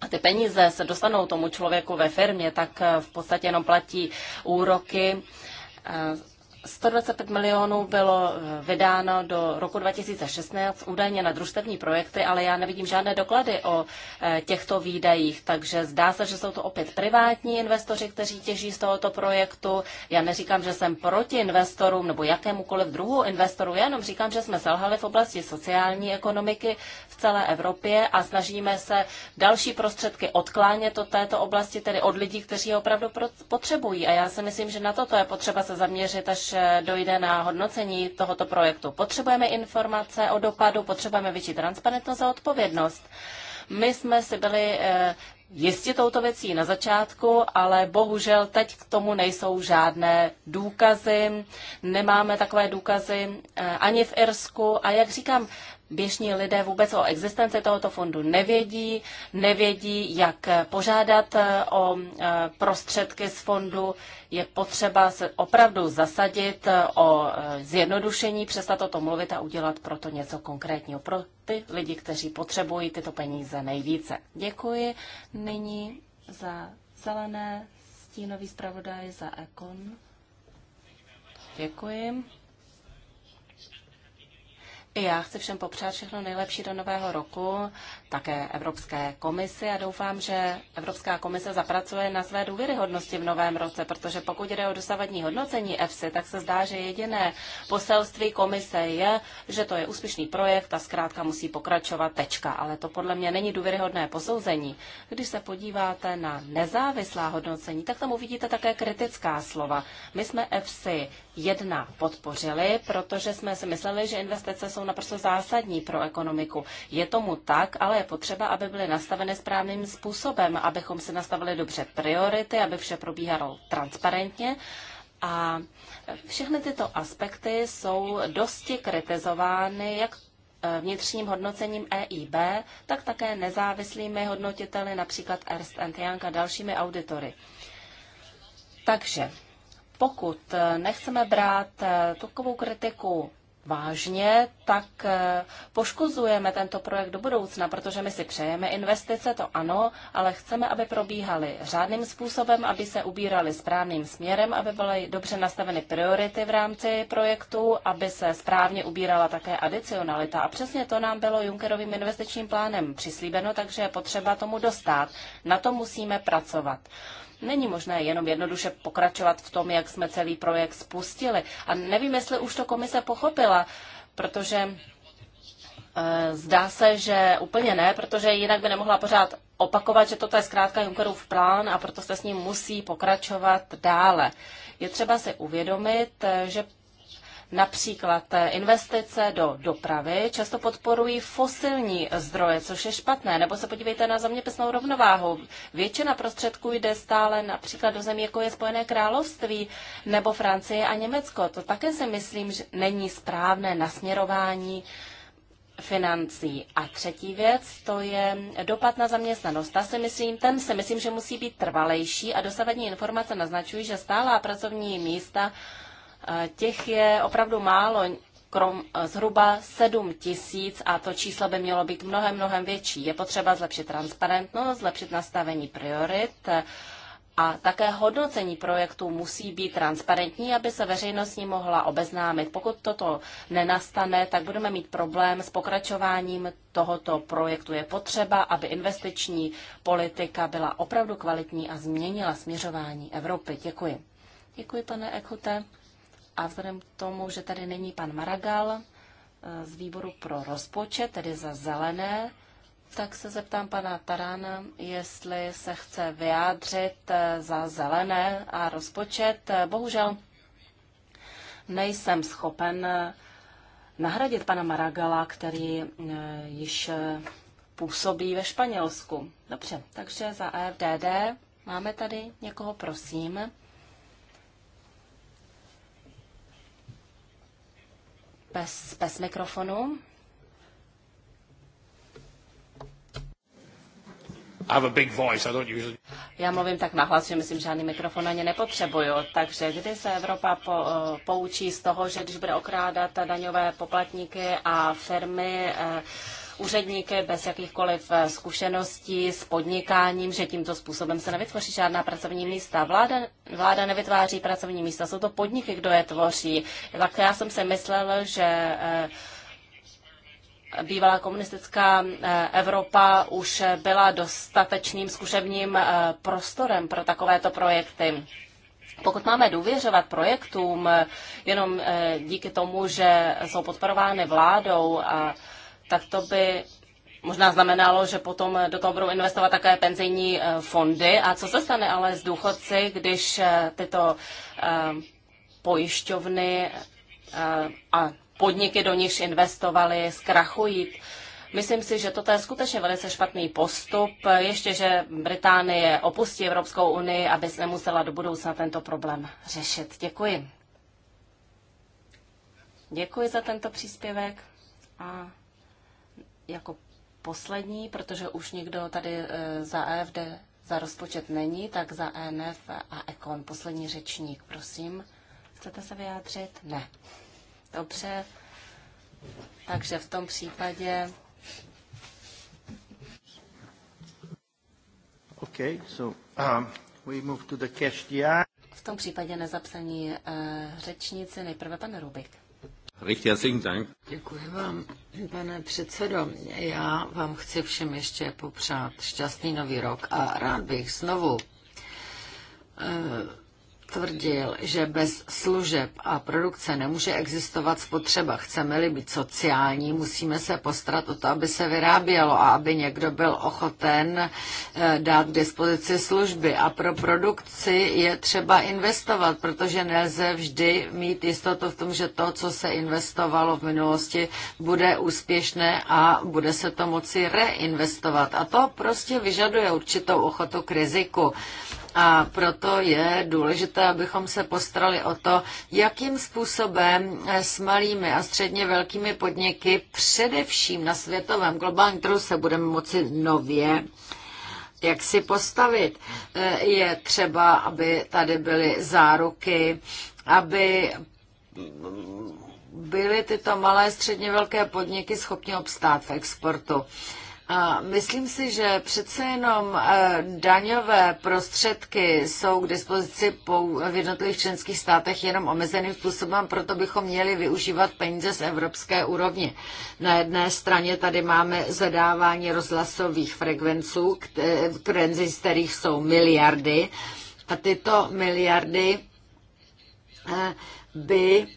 a ty peníze se dostanou tomu člověku ve firmě, tak v podstatě jenom platí úroky 125 milionů bylo eh, vydáno do roku 2016 údajně na družstevní projekty, ale já nevidím žádné doklady o eh, těchto výdajích, takže zdá se, že jsou to opět privátní investoři, kteří těží z tohoto projektu. Já neříkám, že jsem proti investorům nebo jakémukoliv druhu investorů, já jenom říkám, že jsme selhali v oblasti sociální ekonomiky v celé Evropě a snažíme se další prostředky odklánět od této oblasti, tedy od lidí, kteří je opravdu potřebují. A já si myslím, že na toto je potřeba se zaměřit, až Eh, dojde na hodnocení tohoto projektu. Potřebujeme informace o dopadu, potřebujeme větší transparentnost a odpovědnost. My jsme si byli eh, jistě touto věcí na začátku, ale bohužel teď k tomu nejsou žádné důkazy. Nemáme takové důkazy eh, ani v Irsku. A jak říkám, běžní lidé vůbec o existenci tohoto fondu nevědí, nevědí, jak požádat eh, o eh, prostředky z fondu. Je potřeba se opravdu zasadit eh, o zjednodušení, přestat o tom mluvit a udělat proto něco konkrétního pro ty lidi, kteří potřebují tyto peníze nejvíce. Děkuji nyní za zelené stínový zpravodaj za Ekon. Děkuji. I já chci všem popřát všechno nejlepší do nového roku, také Evropské komisi a doufám, že Evropská komise zapracuje na své důvěryhodnosti v novém roce, protože pokud jde o dosavadní hodnocení EFSI, tak se zdá, že jediné poselství komise je, že to je úspěšný projekt a zkrátka musí pokračovat tečka. Ale to podle mě není důvěryhodné posouzení. Když se podíváte na nezávislá hodnocení, tak tam uvidíte také kritická slova. My jsme EFSI jedna podpořili, protože jsme si mysleli, že investice jsou jsou naprosto zásadní pro ekonomiku. Je tomu tak, ale je potřeba, aby byly nastaveny správným způsobem, abychom si nastavili dobře priority, aby vše probíhalo transparentně a všechny tyto aspekty jsou dosti kritizovány jak e, vnitřním hodnocením EIB, tak také nezávislými hodnotiteli, například Ernst Young a dalšími auditory. Takže pokud e, nechceme brát e, takovou kritiku vážně, tak eh, poškozujeme tento projekt do budoucna, protože my si přejeme investice, to ano, ale chceme, aby probíhaly řádným způsobem, aby se ubíraly správným směrem, aby byly dobře nastaveny priority v rámci projektu, aby se správně ubírala také adicionalita. A přesně to nám bylo Junckerovým investičním plánem přislíbeno, takže je potřeba tomu dostat. Na to musíme pracovat. Není možné jenom jednoduše pokračovat v tom, jak jsme celý projekt spustili. A nevím, jestli už to komise pochopila, protože eh, Zdá se, že úplně ne, protože jinak by nemohla pořád opakovat, že toto je zkrátka Junckerův plán a proto se s ním musí pokračovat dále. Je třeba si uvědomit, eh, že Například eh, investice do dopravy často podporují fosilní zdroje, což je špatné. Nebo se podívejte na zeměpisnou rovnováhu. Většina prostředků jde stále například do zemí, jako je Spojené království nebo Francie a Německo. To také si myslím, že není správné nasměrování financí. A třetí věc, to je dopad na zaměstnanost. Ta si myslím, ten si myslím, že musí být trvalejší a dosavadní informace naznačují, že stálá pracovní místa Eh, těch je opravdu málo, krom, eh, zhruba 7 tisíc a to číslo by mělo být mnohem, mnohem větší. Je potřeba zlepšit transparentnost, zlepšit nastavení priorit eh, a také hodnocení projektů musí být transparentní, aby se veřejnost mohla obeznámit. Pokud toto nenastane, tak budeme mít problém s pokračováním tohoto projektu. Je potřeba, aby investiční politika byla opravdu kvalitní a změnila směřování Evropy. Děkuji. Děkuji, pane Ekute. A vzhledem k tomu, že tady není pan Maragal eh, z výboru pro rozpočet, tedy za zelené, tak se zeptám pana Tarana, jestli se chce vyjádřit eh, za zelené a rozpočet. Eh, bohužel nejsem schopen nahradit pana Maragala, který již působí ve Španělsku. Dobře, takže za AFDD máme tady někoho, prosím. bez, bez mikrofonu. I have a big voice. I don't usually... Já mluvím tak nahlas, že myslím, že žádný mikrofon ani nepotřebuju. Takže kdy se Evropa po, eh, poučí z toho, že když bude okrádat daňové poplatníky a firmy, eh, úředníky bez jakýchkoliv eh, zkušeností s podnikáním, že tímto způsobem se nevytvoří žádná pracovní místa. Vláda, vláda nevytváří pracovní místa, jsou to podniky, kdo je tvoří. Tak já jsem si myslel, že eh, bývalá komunistická eh, Evropa už byla dostatečným zkušebním prostorem pro takovéto projekty. Pokud máme důvěřovat projektům jenom díky tomu, že jsou podporovány vládou a tak to by možná znamenalo, že potom do toho budou investovat také penzijní eh, fondy. A co se stane ale s důchodci, když eh, tyto eh, pojišťovny a podniky, do nich investovali, zkrachují? Myslím si, že toto je skutečně velice špatný postup. Ještě, že Británie opustí Evropskou unii, aby se nemusela do budoucna tento problém řešit. Děkuji. Děkuji za tento příspěvek a jako poslední, protože už nikdo tady e, za EFD za rozpočet není, tak za ENF a Ekon. Poslední řečník, prosím. Chcete se vyjádřit? Ne. Dobře. Takže v tom případě... Okay, so, um, we move to the cash V tom případě nezapsaní uh, e, řečníci, nejprve pan Rubik. Děkuji vám, pane předsedo. Já vám chci všem ještě popřát šťastný nový rok a rád bych znovu eh, tvrdil, že bez služeb a produkce nemůže existovat spotřeba. Chceme-li být sociální, musíme se postarat o to, aby se vyrábělo a aby někdo byl ochoten eh, dát k dispozici služby. A pro produkci je třeba investovat, protože nelze vždy mít jistotu v tom, že to, co se investovalo v minulosti, bude úspěšné a bude se to moci reinvestovat. A to prostě vyžaduje určitou ochotu k riziku. A proto je důležité, abychom se postarali o to, jakým způsobem eh, s malými a středně velkými podniky, především na světovém globálním trhu, se budeme moci nově jak si postavit. Eh, je třeba, aby tady byly záruky, aby byly tyto malé, středně velké podniky schopni obstát v exportu. A myslím si, že přece jenom eh, daňové prostředky jsou k dispozici v jednotlivých členských státech jenom omezeným způsobem, proto bychom měli využívat peníze z evropské úrovně. Na jedné straně tady máme zadávání rozhlasových frekvenců, frekvencí, z kterých jsou miliardy, a tyto miliardy eh, by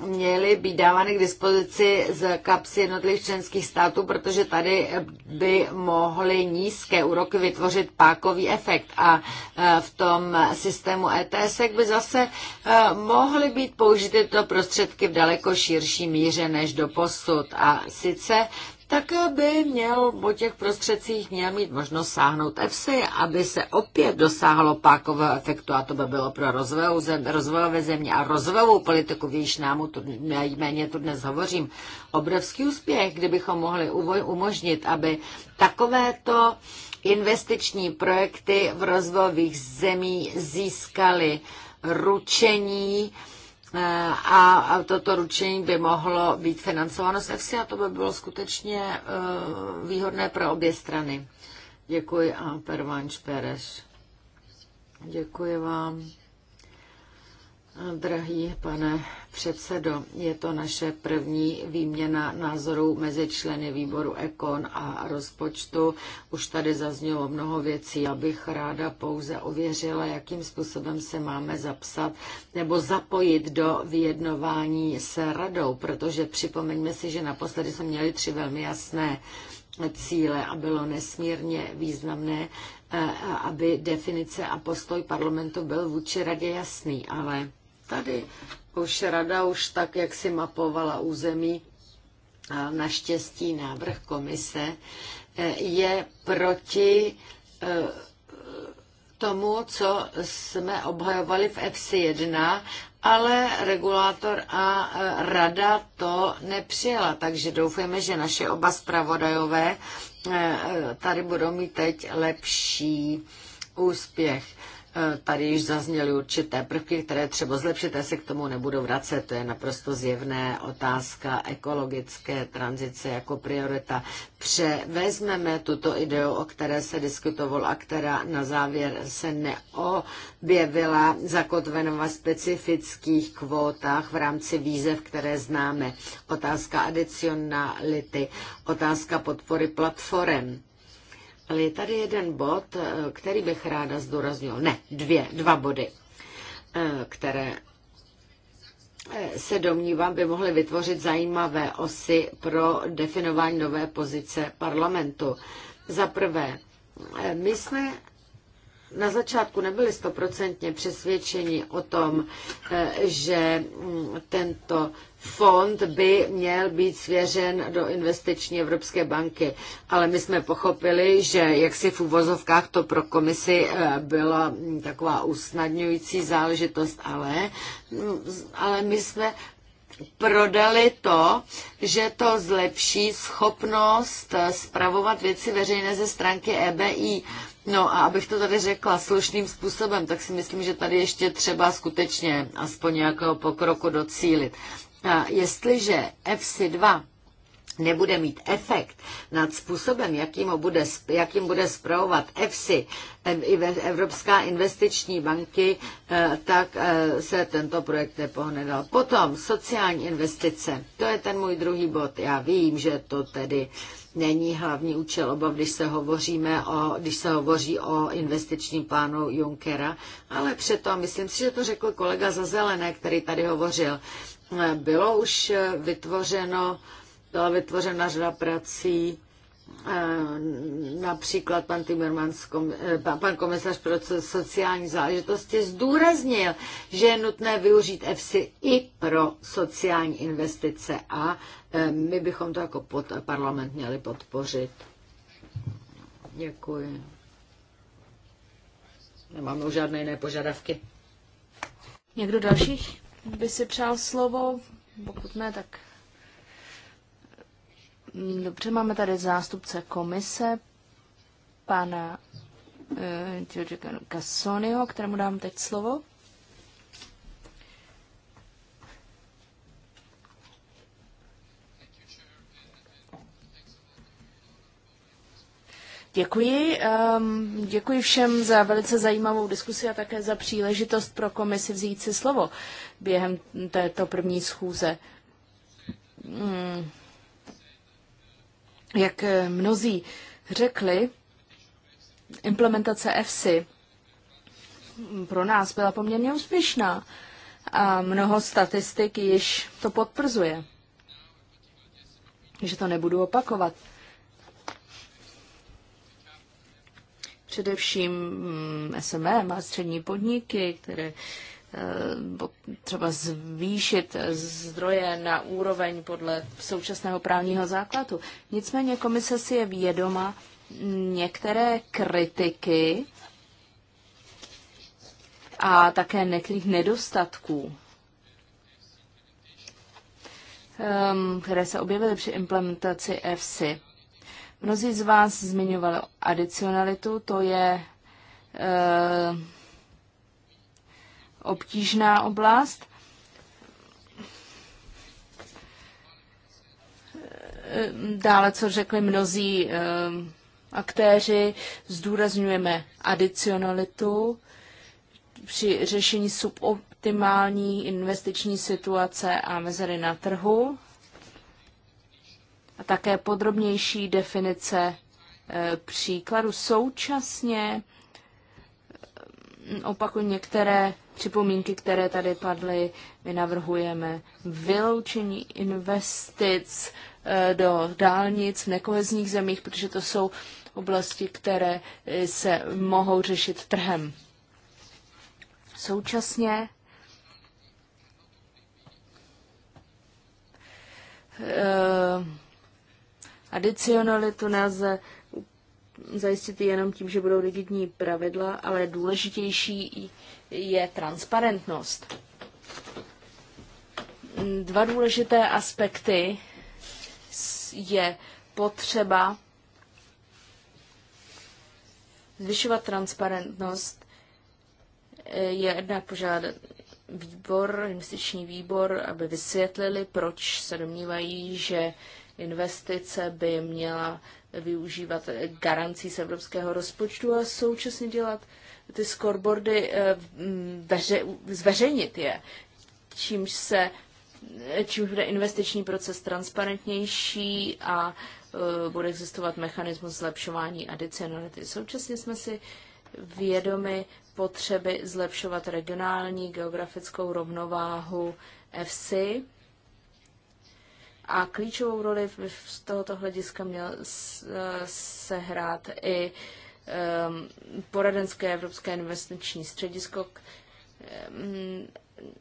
měly být dávány k dispozici z kapsy jednotlivých členských států, protože tady by mohly nízké úroky vytvořit pákový efekt a e, v tom systému ETS by zase e, mohly být použity to prostředky v daleko širší míře než do posud. A sice tak by měl po těch prostředcích měl mít možnost sáhnout EFSI, aby se opět dosáhlo pákového efektu a to by bylo pro rozvojovou zem, rozvojové země a rozvojovou politiku, víš, námu tu, méně tu dnes hovořím, obrovský úspěch, kdybychom mohli umožnit, aby takovéto investiční projekty v rozvojových zemí získaly ručení, a toto ručení by mohlo být financováno z EFSI a to by bylo skutečně eh, výhodné pro obě strany. Děkuji a Pervanč Pereš. Děkuji vám. Drahý pane předsedo, je to naše první výměna názorů mezi členy výboru Ekon a rozpočtu. Už tady zaznělo mnoho věcí. Já bych ráda pouze ověřila, jakým způsobem se máme zapsat nebo zapojit do vyjednování s radou, protože připomeňme si, že naposledy jsme měli tři velmi jasné cíle a bylo nesmírně významné, eh, aby definice a postoj parlamentu byl vůči radě jasný, ale Tady už rada už tak, jak si mapovala území, a naštěstí návrh komise e, je proti e, tomu, co jsme obhajovali v FC 1, ale regulátor a e, rada to nepřijela. Takže doufujeme, že naše oba zpravodajové tady budou mít teď lepší úspěch. Eh, tady již zazněly určité prvky, které třeba zlepšit, já se k tomu nebudu vracet. To je naprosto zjevné otázka ekologické tranzice jako priorita. Převezmeme tuto ideu, o které se diskutoval a která na závěr se neobjevila zakotvena ve specifických kvótách v rámci výzev, které známe. Otázka adicionality, otázka podpory platform ale je tady jeden bod, eh, který bych ráda zdůraznil. Ne, dvě, dva body, eh, které eh, se domnívám, by mohly vytvořit zajímavé osy pro definování nové pozice parlamentu. Za prvé, my jsme na začátku nebyli stoprocentně přesvědčeni o tom, že mm, tento fond by měl být svěřen do investiční Evropské banky. Ale my jsme pochopili, že jaksi v uvozovkách to pro komisi eh, byla taková usnadňující záležitost, ale, mm, ale my jsme prodali to, že to zlepší schopnost eh, spravovat věci veřejné ze stránky EBI. No a abych to tady řekla slušným způsobem, tak si myslím, že tady ještě třeba skutečně aspoň nějakého pokroku docílit jestliže FC2 nebude mít efekt nad způsobem, jakým, bude, jakým bude zpravovat EFSI, Evropská investiční banky, eh, tak eh, se tento projekt nepohne dal. Potom sociální investice, to je ten můj druhý bod. Já vím, že to tedy není hlavní účel obav, když se, hovoříme o, když se hovoří o investičním plánu Junckera, ale přeto myslím si, že to řekl kolega za zelené, který tady hovořil. Bylo už eh, vytvořeno, byla vytvořena řada prací, eh, například pan Timmermans, eh, pan komisař pro sociální záležitosti zdůraznil, že je nutné využít EFSI i pro sociální investice a my bychom to jako pod parlament měli podpořit. Děkuji. Nemáme už žádné jiné požadavky. Někdo další? by si přál slovo? Pokud ne, tak dobře, máme tady zástupce komise, pana eh, Giorgio Cassoniho, kterému dám teď slovo. Děkuji. Um, děkuji všem za velice zajímavou diskusi a také za příležitost pro komisi vzít si slovo během této první schůze. Um, jak eh, mnozí řekli, implementace EFSI pro nás byla poměrně úspěšná a mnoho statistik již to potvrzuje. Že to nebudu opakovat. především mm, SME a střední podniky, které eh, třeba zvýšit zdroje na úroveň podle současného právního základu. Nicméně komise si je vědoma některé kritiky a také některých nedostatků, ehm, které se objevily při implementaci EFSI. Mnozí z vás zmiňovali adicionalitu, to je e, obtížná oblast. Eh, dále, co řekli mnozí e, aktéři, zdůrazňujeme adicionalitu při řešení suboptimální investiční situace a mezery na trhu také podrobnější definice eh, příkladu. Současně hm, opakuju některé připomínky, které tady padly. My navrhujeme vyloučení investic eh, do dálnic v nekohezních zemích, protože to jsou oblasti, které eh, se mohou řešit trhem. Současně Adicionalitu nelze zajistit jenom tím, že budou rigidní pravidla, ale důležitější je transparentnost. Dva důležité aspekty je potřeba zvyšovat transparentnost, je jednak požádat výbor, investiční výbor, aby vysvětlili, proč se domnívají, že investice by měla využívat garancí z evropského rozpočtu a současně dělat ty scoreboardy, eh, zveřejnit je, čímž se čímž bude investiční proces transparentnější a eh, bude existovat mechanismus zlepšování adicionality. Současně jsme si vědomi potřeby zlepšovat regionální geografickou rovnováhu FC. A klíčovou roli z tohoto hlediska měl eh, sehrát i ehm, poradenské Evropské investiční středisko, ehm,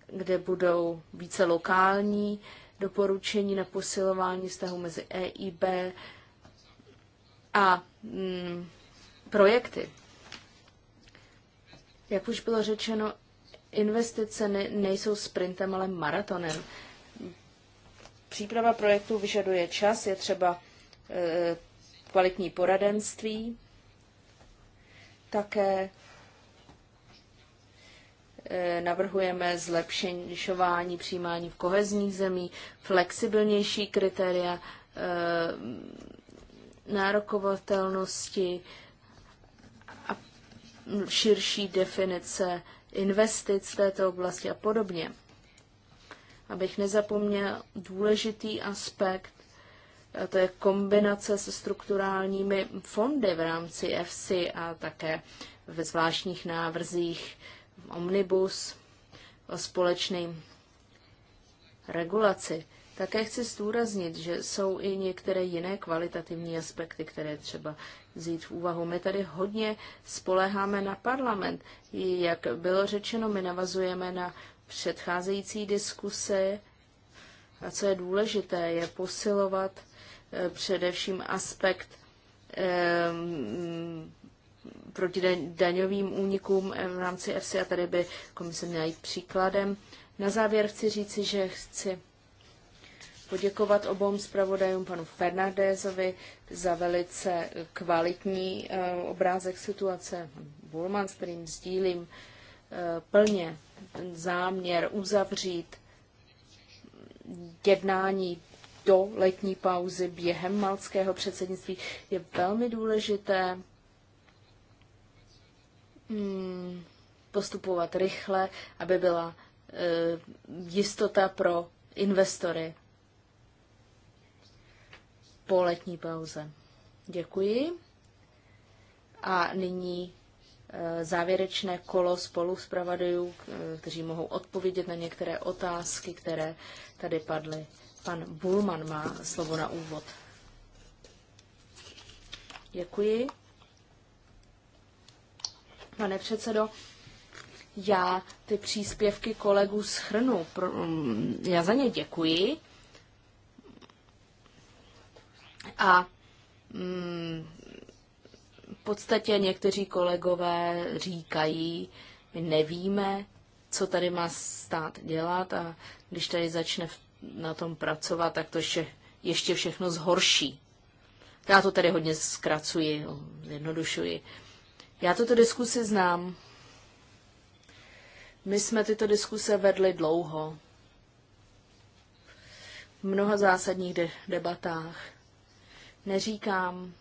kde budou více lokální doporučení na posilování vztahu mezi EIB a mm, projekty. Jak už bylo řečeno, investice nejsou sprintem, ale maratonem. Příprava projektu vyžaduje čas, je třeba e, kvalitní poradenství, také e, navrhujeme zlepšení přijímání v kohezních zemí, flexibilnější kritéria e, nárokovatelnosti a širší definice investic v této oblasti a podobně abych nezapomněl důležitý aspekt, eh, to je kombinace se strukturálními fondy v rámci FC a také ve zvláštních návrzích Omnibus o společným regulaci. Také chci zdůraznit, že jsou i některé jiné kvalitativní aspekty, které třeba vzít v úvahu. My tady hodně spoleháme na parlament. Jak bylo řečeno, my navazujeme na předcházející diskuse. A co je důležité, je posilovat eh, především aspekt ehm, proti daňovým únikům eh, v rámci EFSI a tady by komise měla jít příkladem. Na závěr chci říci, že chci poděkovat obou zpravodajům, panu Fernandézovi, za velice kvalitní eh, obrázek situace. Bulman, s kterým sdílím plně záměr uzavřít jednání do letní pauzy během malckého předsednictví je velmi důležité mm, postupovat rychle, aby byla e, jistota pro investory po letní pauze. Děkuji. A nyní Eh, závěrečné kolo spolu s pravadejů, eh, kteří mohou odpovědět na některé otázky, které tady padly. Pan Bulman má slovo na úvod. Děkuji. Pane předsedo, já ty příspěvky kolegů schrnu. Mm, já za ně děkuji. A mm, podstatě někteří kolegové říkají, my nevíme, co tady má stát dělat a když tady začne na tom pracovat, tak to ještě, ještě všechno zhorší. Já to tady hodně zkracuji, zjednodušuji. Já tuto diskusi znám. My jsme tyto diskuse vedli dlouho. V mnoha zásadních de- debatách. Neříkám,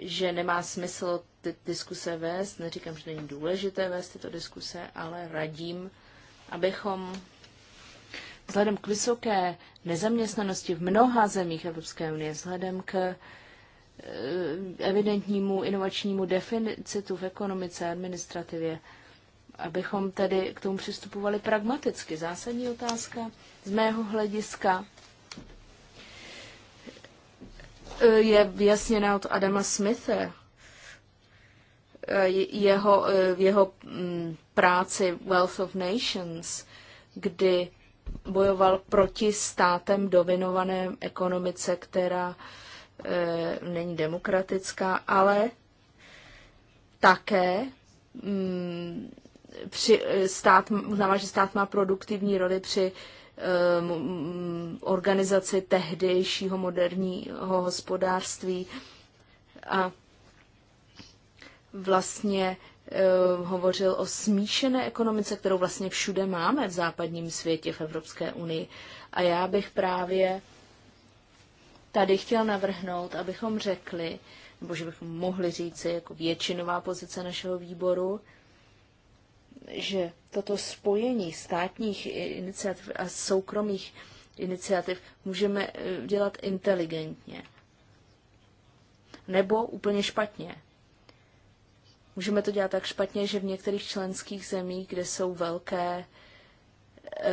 že nemá smysl ty diskuse vést. Neříkám, že není důležité vést tyto diskuse, ale radím, abychom vzhledem k vysoké nezaměstnanosti v mnoha zemích Evropské unie, vzhledem k eh, evidentnímu inovačnímu deficitu v ekonomice a administrativě, abychom tedy k tomu přistupovali pragmaticky. Zásadní otázka z mého hlediska je vyjasněna od Adama Smithe. E, jeho, e, jeho mm, práci Wealth of Nations, kdy bojoval proti státem dovinovaném ekonomice, která e, není demokratická, ale také mm, při, e, stát, znamená, že stát má produktivní roli při Eh, organizaci tehdejšího moderního hospodářství a vlastně eh, hovořil o smíšené ekonomice, kterou vlastně všude máme v západním světě, v Evropské unii. A já bych právě tady chtěl navrhnout, abychom řekli, nebo že bychom mohli říci jako většinová pozice našeho výboru, že toto spojení státních iniciativ a soukromých iniciativ můžeme eh, dělat inteligentně. Nebo úplně špatně. Můžeme to dělat tak špatně, že v některých členských zemích, kde jsou velké e,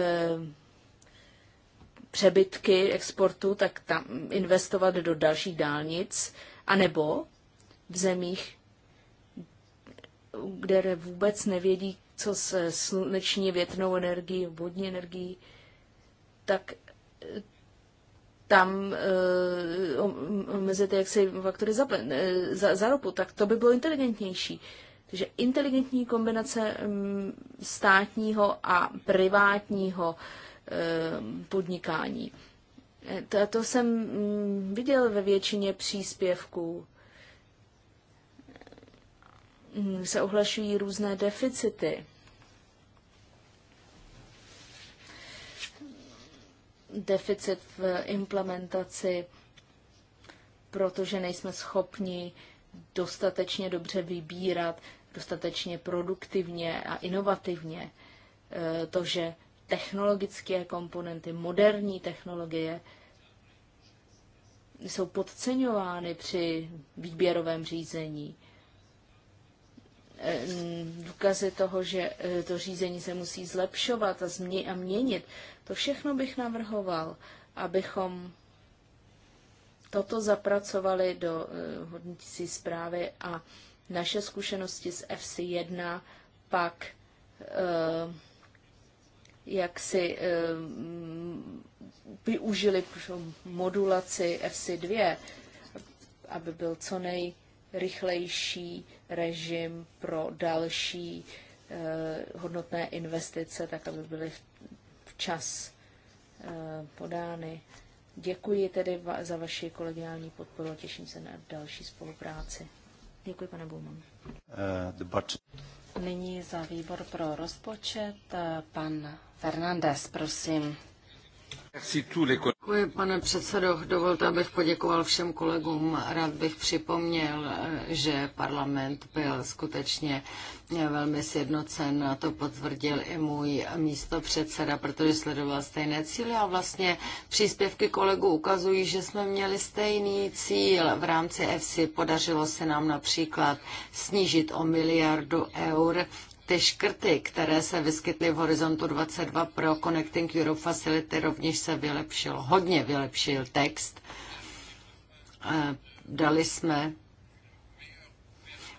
přebytky exportu, tak tam investovat do dalších dálnic, anebo v zemích, kde vůbec nevědí, co se sluneční větnou energií, vodní energií, tak eh, tam eh, omezíte jaksi faktory za, eh, za, za ropu, tak to by bylo inteligentnější. Takže inteligentní kombinace mm, státního a privátního podnikání. To, to jsem mm, viděl ve většině příspěvků Mm, se ohlašují různé deficity. Deficit v implementaci, protože nejsme schopni dostatečně dobře vybírat, dostatečně produktivně a inovativně e, to, že technologické komponenty, moderní technologie jsou podceňovány při výběrovém řízení Eh, důkazy toho, že eh, to řízení se musí zlepšovat a, změ- a měnit. To všechno bych navrhoval, abychom toto zapracovali do eh, hodnotící zprávy a naše zkušenosti z FC1 pak jak si využili modulaci FC2, aby byl co nej rychlejší režim pro další eh, hodnotné investice, tak aby byly včas eh, podány. Děkuji tedy za vaši kolegiální podporu a těším se na další spolupráci. Děkuji, pane Uh, Nyní za výbor pro rozpočet pan Fernandez, prosím. Děkuji, pane předsedo. Dovolte, abych poděkoval všem kolegům. Rád bych připomněl, že parlament byl skutečně velmi sjednocen a to potvrdil i můj místo předseda, protože sledoval stejné cíle a vlastně příspěvky kolegů ukazují, že jsme měli stejný cíl. V rámci EFSI podařilo se nám například snížit o miliardu eur ty škrty, které se vyskytly v horizontu 22 pro Connecting Europe Facility, rovněž se vylepšil, hodně vylepšil text. Dali jsme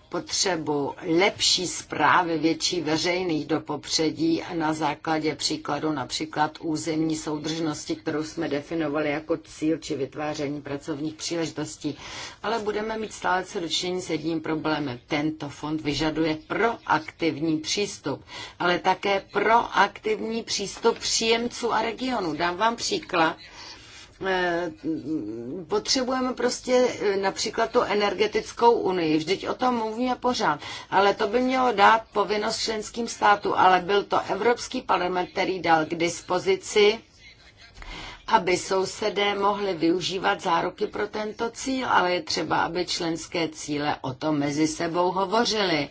potřebu lepší zprávy větší veřejných do popředí a na základě příkladu například územní soudržnosti, kterou jsme definovali jako cíl či vytváření pracovních příležitostí. Ale budeme mít stále co dočení s jedním problémem. Tento fond vyžaduje proaktivní přístup, ale také proaktivní přístup příjemců a regionu. Dám vám příklad Eh, potřebujeme prostě eh, například tu energetickou unii. Vždyť o tom mluvíme pořád. Ale to by mělo dát povinnost členským státu. Ale byl to Evropský parlament, který dal k dispozici aby sousedé mohli využívat záruky pro tento cíl, ale je třeba, aby členské cíle o tom mezi sebou hovořili.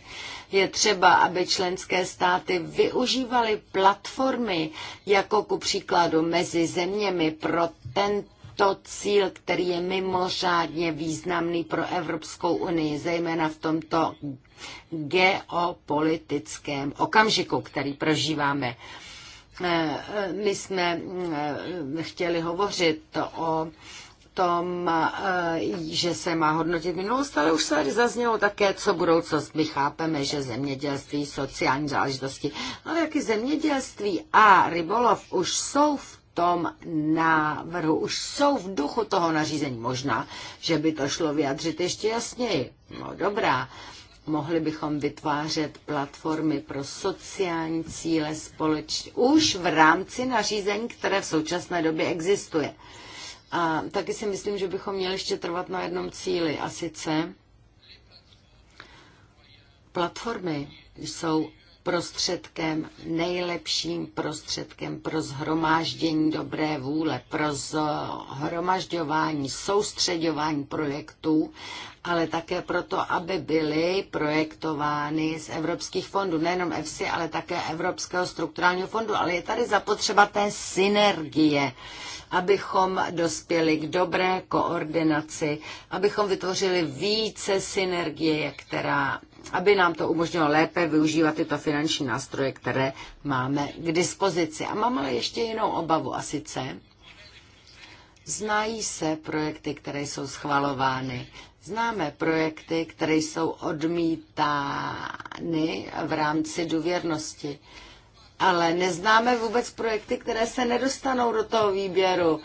Je třeba, aby členské státy využívaly platformy, jako ku příkladu mezi zeměmi pro tento cíl, který je mimořádně významný pro Evropskou unii, zejména v tomto geopolitickém okamžiku, který prožíváme. Eh, eh, my jsme eh, chtěli hovořit o tom, že se má hodnotit minulost, ale už se tady zaznělo také, co budoucnost. My chápeme, že zemědělství, sociální záležitosti, ale jaký zemědělství a rybolov už jsou v tom návrhu. Už jsou v duchu toho nařízení. Možná, že by to šlo vyjadřit ještě jasněji. No dobrá, mohli bychom vytvářet platformy pro sociální cíle společně už v rámci nařízení, které v současné době existuje. A taky si myslím, že bychom měli ještě trvat na jednom cíli, a sice platformy jsou prostředkem, nejlepším prostředkem pro zhromáždění dobré vůle, pro zhromažďování, soustředování projektů, ale také proto, aby byly projektovány z evropských fondů, nejenom EFSI, ale také Evropského strukturálního fondu. Ale je tady zapotřeba té synergie, abychom dospěli k dobré koordinaci, abychom vytvořili více synergie, která aby nám to umožnilo lépe využívat tyto finanční nástroje, které máme k dispozici. A mám ale ještě jinou obavu a sice znají se projekty, které jsou schvalovány. Známe projekty, které jsou odmítány v rámci důvěrnosti. Ale neznáme vůbec projekty, které se nedostanou do toho výběru.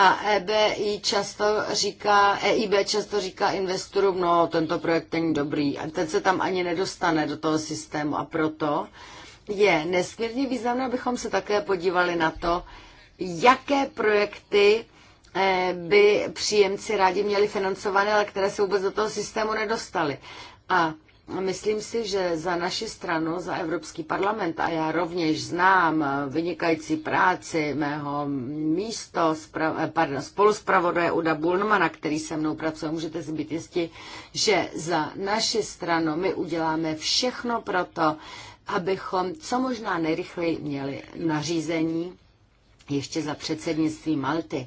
A EBI často říká, EIB často říká investorům, no tento projekt není dobrý. A ten se tam ani nedostane do toho systému. A proto je nesmírně významné, abychom se také podívali na to, jaké projekty eh, by příjemci rádi měli financované, ale které se vůbec do toho systému nedostaly. A Myslím si, že za naši stranu, za Evropský parlament, a já rovněž znám vynikající práci mého místo, eh, pardon, spoluspravodaje Uda Bulmana, který se mnou pracuje, můžete si být jistí, že za naši stranu my uděláme všechno pro to, abychom co možná nejrychleji měli nařízení ještě za předsednictví Malty.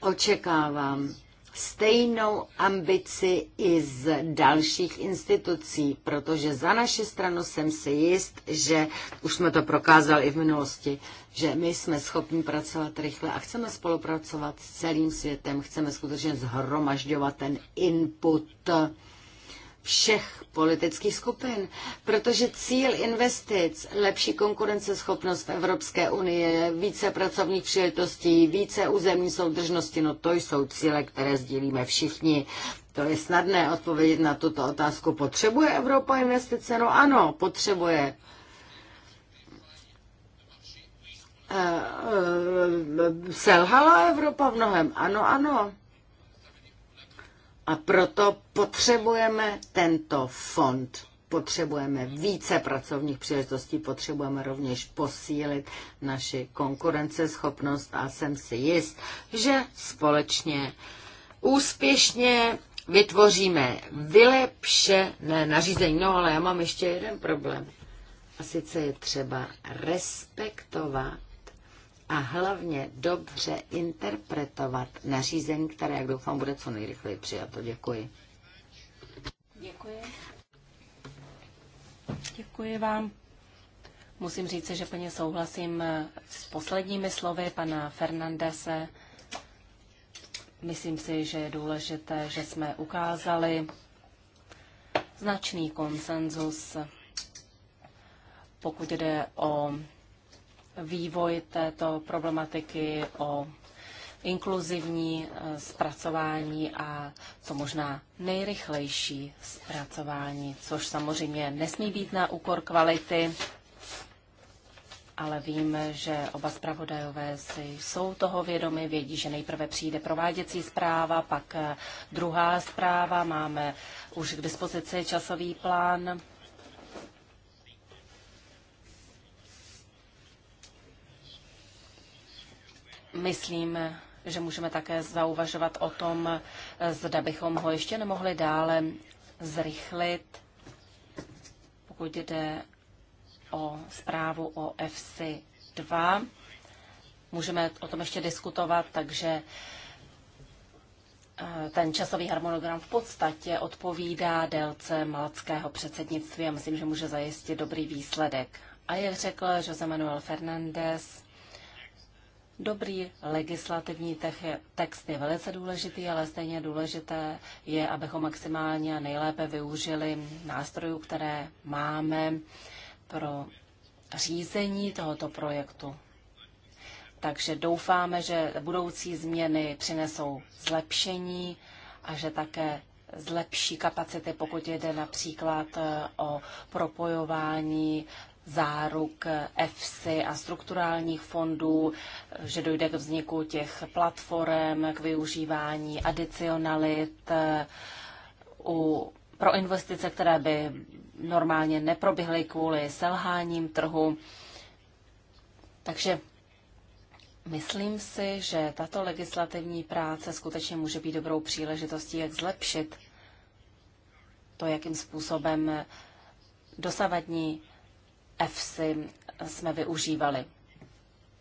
Očekávám, stejnou ambici i z dalších institucí, protože za naši stranu jsem si jist, že už jsme to prokázali i v minulosti, že my jsme schopni pracovat rychle a chceme spolupracovat s celým světem, chceme skutečně zhromažďovat ten input všech politických skupin, protože cíl investic, lepší konkurenceschopnost v Evropské unie, více pracovních příležitostí, více územní soudržnosti, no to jsou cíle, které sdílíme všichni. To je snadné odpovědět na tuto otázku. Potřebuje Evropa investice? No ano, potřebuje. Eh, eh, selhala Evropa v mnohem? Ano, ano. A proto potřebujeme tento fond. Potřebujeme více pracovních příležitostí, potřebujeme rovněž posílit naši konkurenceschopnost a jsem si jist, že společně úspěšně vytvoříme vylepšené nařízení. No ale já mám ještě jeden problém. A sice je třeba respektovat a hlavně dobře interpretovat nařízení, které, jak doufám, bude co nejrychleji přijato. Děkuji. Děkuji. Děkuji vám. Musím říct, že plně souhlasím s posledními slovy pana Fernandese. Myslím si, že je důležité, že jsme ukázali značný konsenzus, pokud jde o vývoj této problematiky, o inkluzivní eh, zpracování a co možná nejrychlejší zpracování, což samozřejmě nesmí být na úkor kvality, ale víme, že oba zpravodajové si jsou toho vědomi, vědí, že nejprve přijde prováděcí zpráva, pak eh, druhá zpráva, máme už k dispozici časový plán myslím, že můžeme také zauvažovat o tom, zda bychom ho ještě nemohli dále zrychlit, pokud jde o zprávu o fc 2. Můžeme o tom ještě diskutovat, takže eh, ten časový harmonogram v podstatě odpovídá délce malackého předsednictví a myslím, že může zajistit dobrý výsledek. A jak řekl Jose Manuel Fernández, Dobrý legislativní text je velice důležitý, ale stejně důležité je, abychom maximálně a nejlépe využili nástrojů, které máme pro řízení tohoto projektu. Takže doufáme, že budoucí změny přinesou zlepšení a že také zlepší kapacity, pokud jde například eh, o propojování záruk EFSI a strukturálních fondů, že dojde k vzniku těch platform, k využívání adicionalit eh, u, pro investice, které by normálně neproběhly kvůli selháním trhu. Takže myslím si, že tato legislativní práce skutečně může být dobrou příležitostí, jak zlepšit to, jakým způsobem dosavadní EFSI jsme využívali.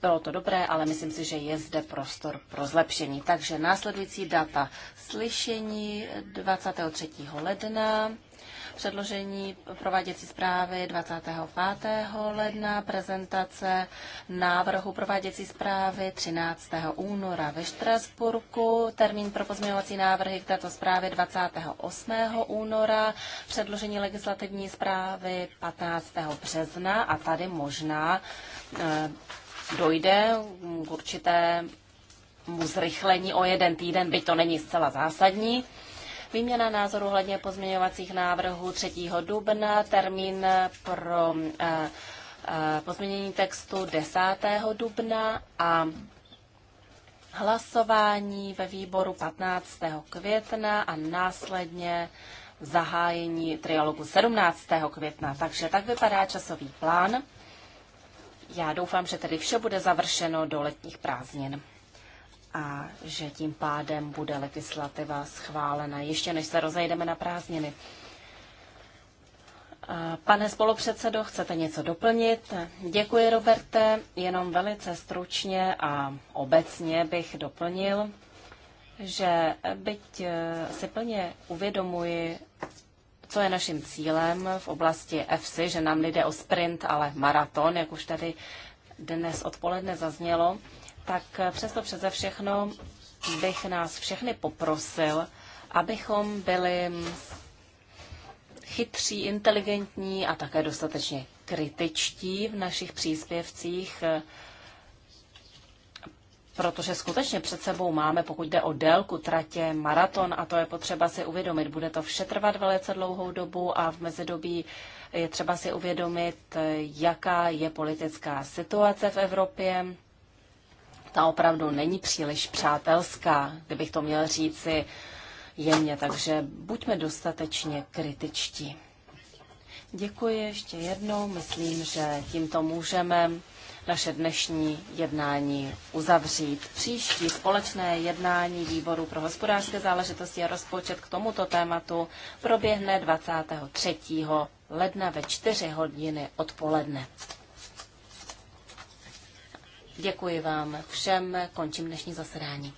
Bylo to dobré, ale myslím si, že je zde prostor pro zlepšení. Takže následující data. Slyšení 23. ledna předložení prováděcí zprávy 25. ledna, prezentace návrhu prováděcí zprávy 13. února ve Štrasburku, termín pro pozměňovací návrhy k této zprávě 28. února, předložení legislativní zprávy 15. března a tady možná eh, dojde k určité mu zrychlení o jeden týden, byť to není zcela zásadní. Výměna názoru hledně pozměňovacích návrhů 3. dubna, termín pro eh, eh, pozměnění textu 10. dubna a hlasování ve výboru 15. května a následně zahájení trialogu 17. května. Takže tak vypadá časový plán. Já doufám, že tedy vše bude završeno do letních prázdnin a že tím pádem bude legislativa schválena, ještě než se rozejdeme na prázdniny. Pane spolupředsedo, chcete něco doplnit? Děkuji, Roberte. Jenom velice stručně a obecně bych doplnil, že byť e, si plně uvědomuji, co je naším cílem v oblasti FC, že nám nejde o sprint, ale maraton, jak už tady dnes odpoledne zaznělo, tak přesto přeze všechno bych nás všechny poprosil, abychom byli chytří, inteligentní a také dostatečně kritičtí v našich příspěvcích, protože skutečně před sebou máme, pokud jde o délku tratě, maraton a to je potřeba si uvědomit. Bude to vše trvat velice dlouhou dobu a v mezidobí je třeba si uvědomit, jaká je politická situace v Evropě ta opravdu není příliš přátelská, kdybych to měl říci jemně, takže buďme dostatečně kritičtí. Děkuji ještě jednou. Myslím, že tímto můžeme naše dnešní jednání uzavřít. Příští společné jednání výboru pro hospodářské záležitosti a rozpočet k tomuto tématu proběhne 23. ledna ve 4 hodiny odpoledne. Děkuji vám všem, končím dnešní zasedání.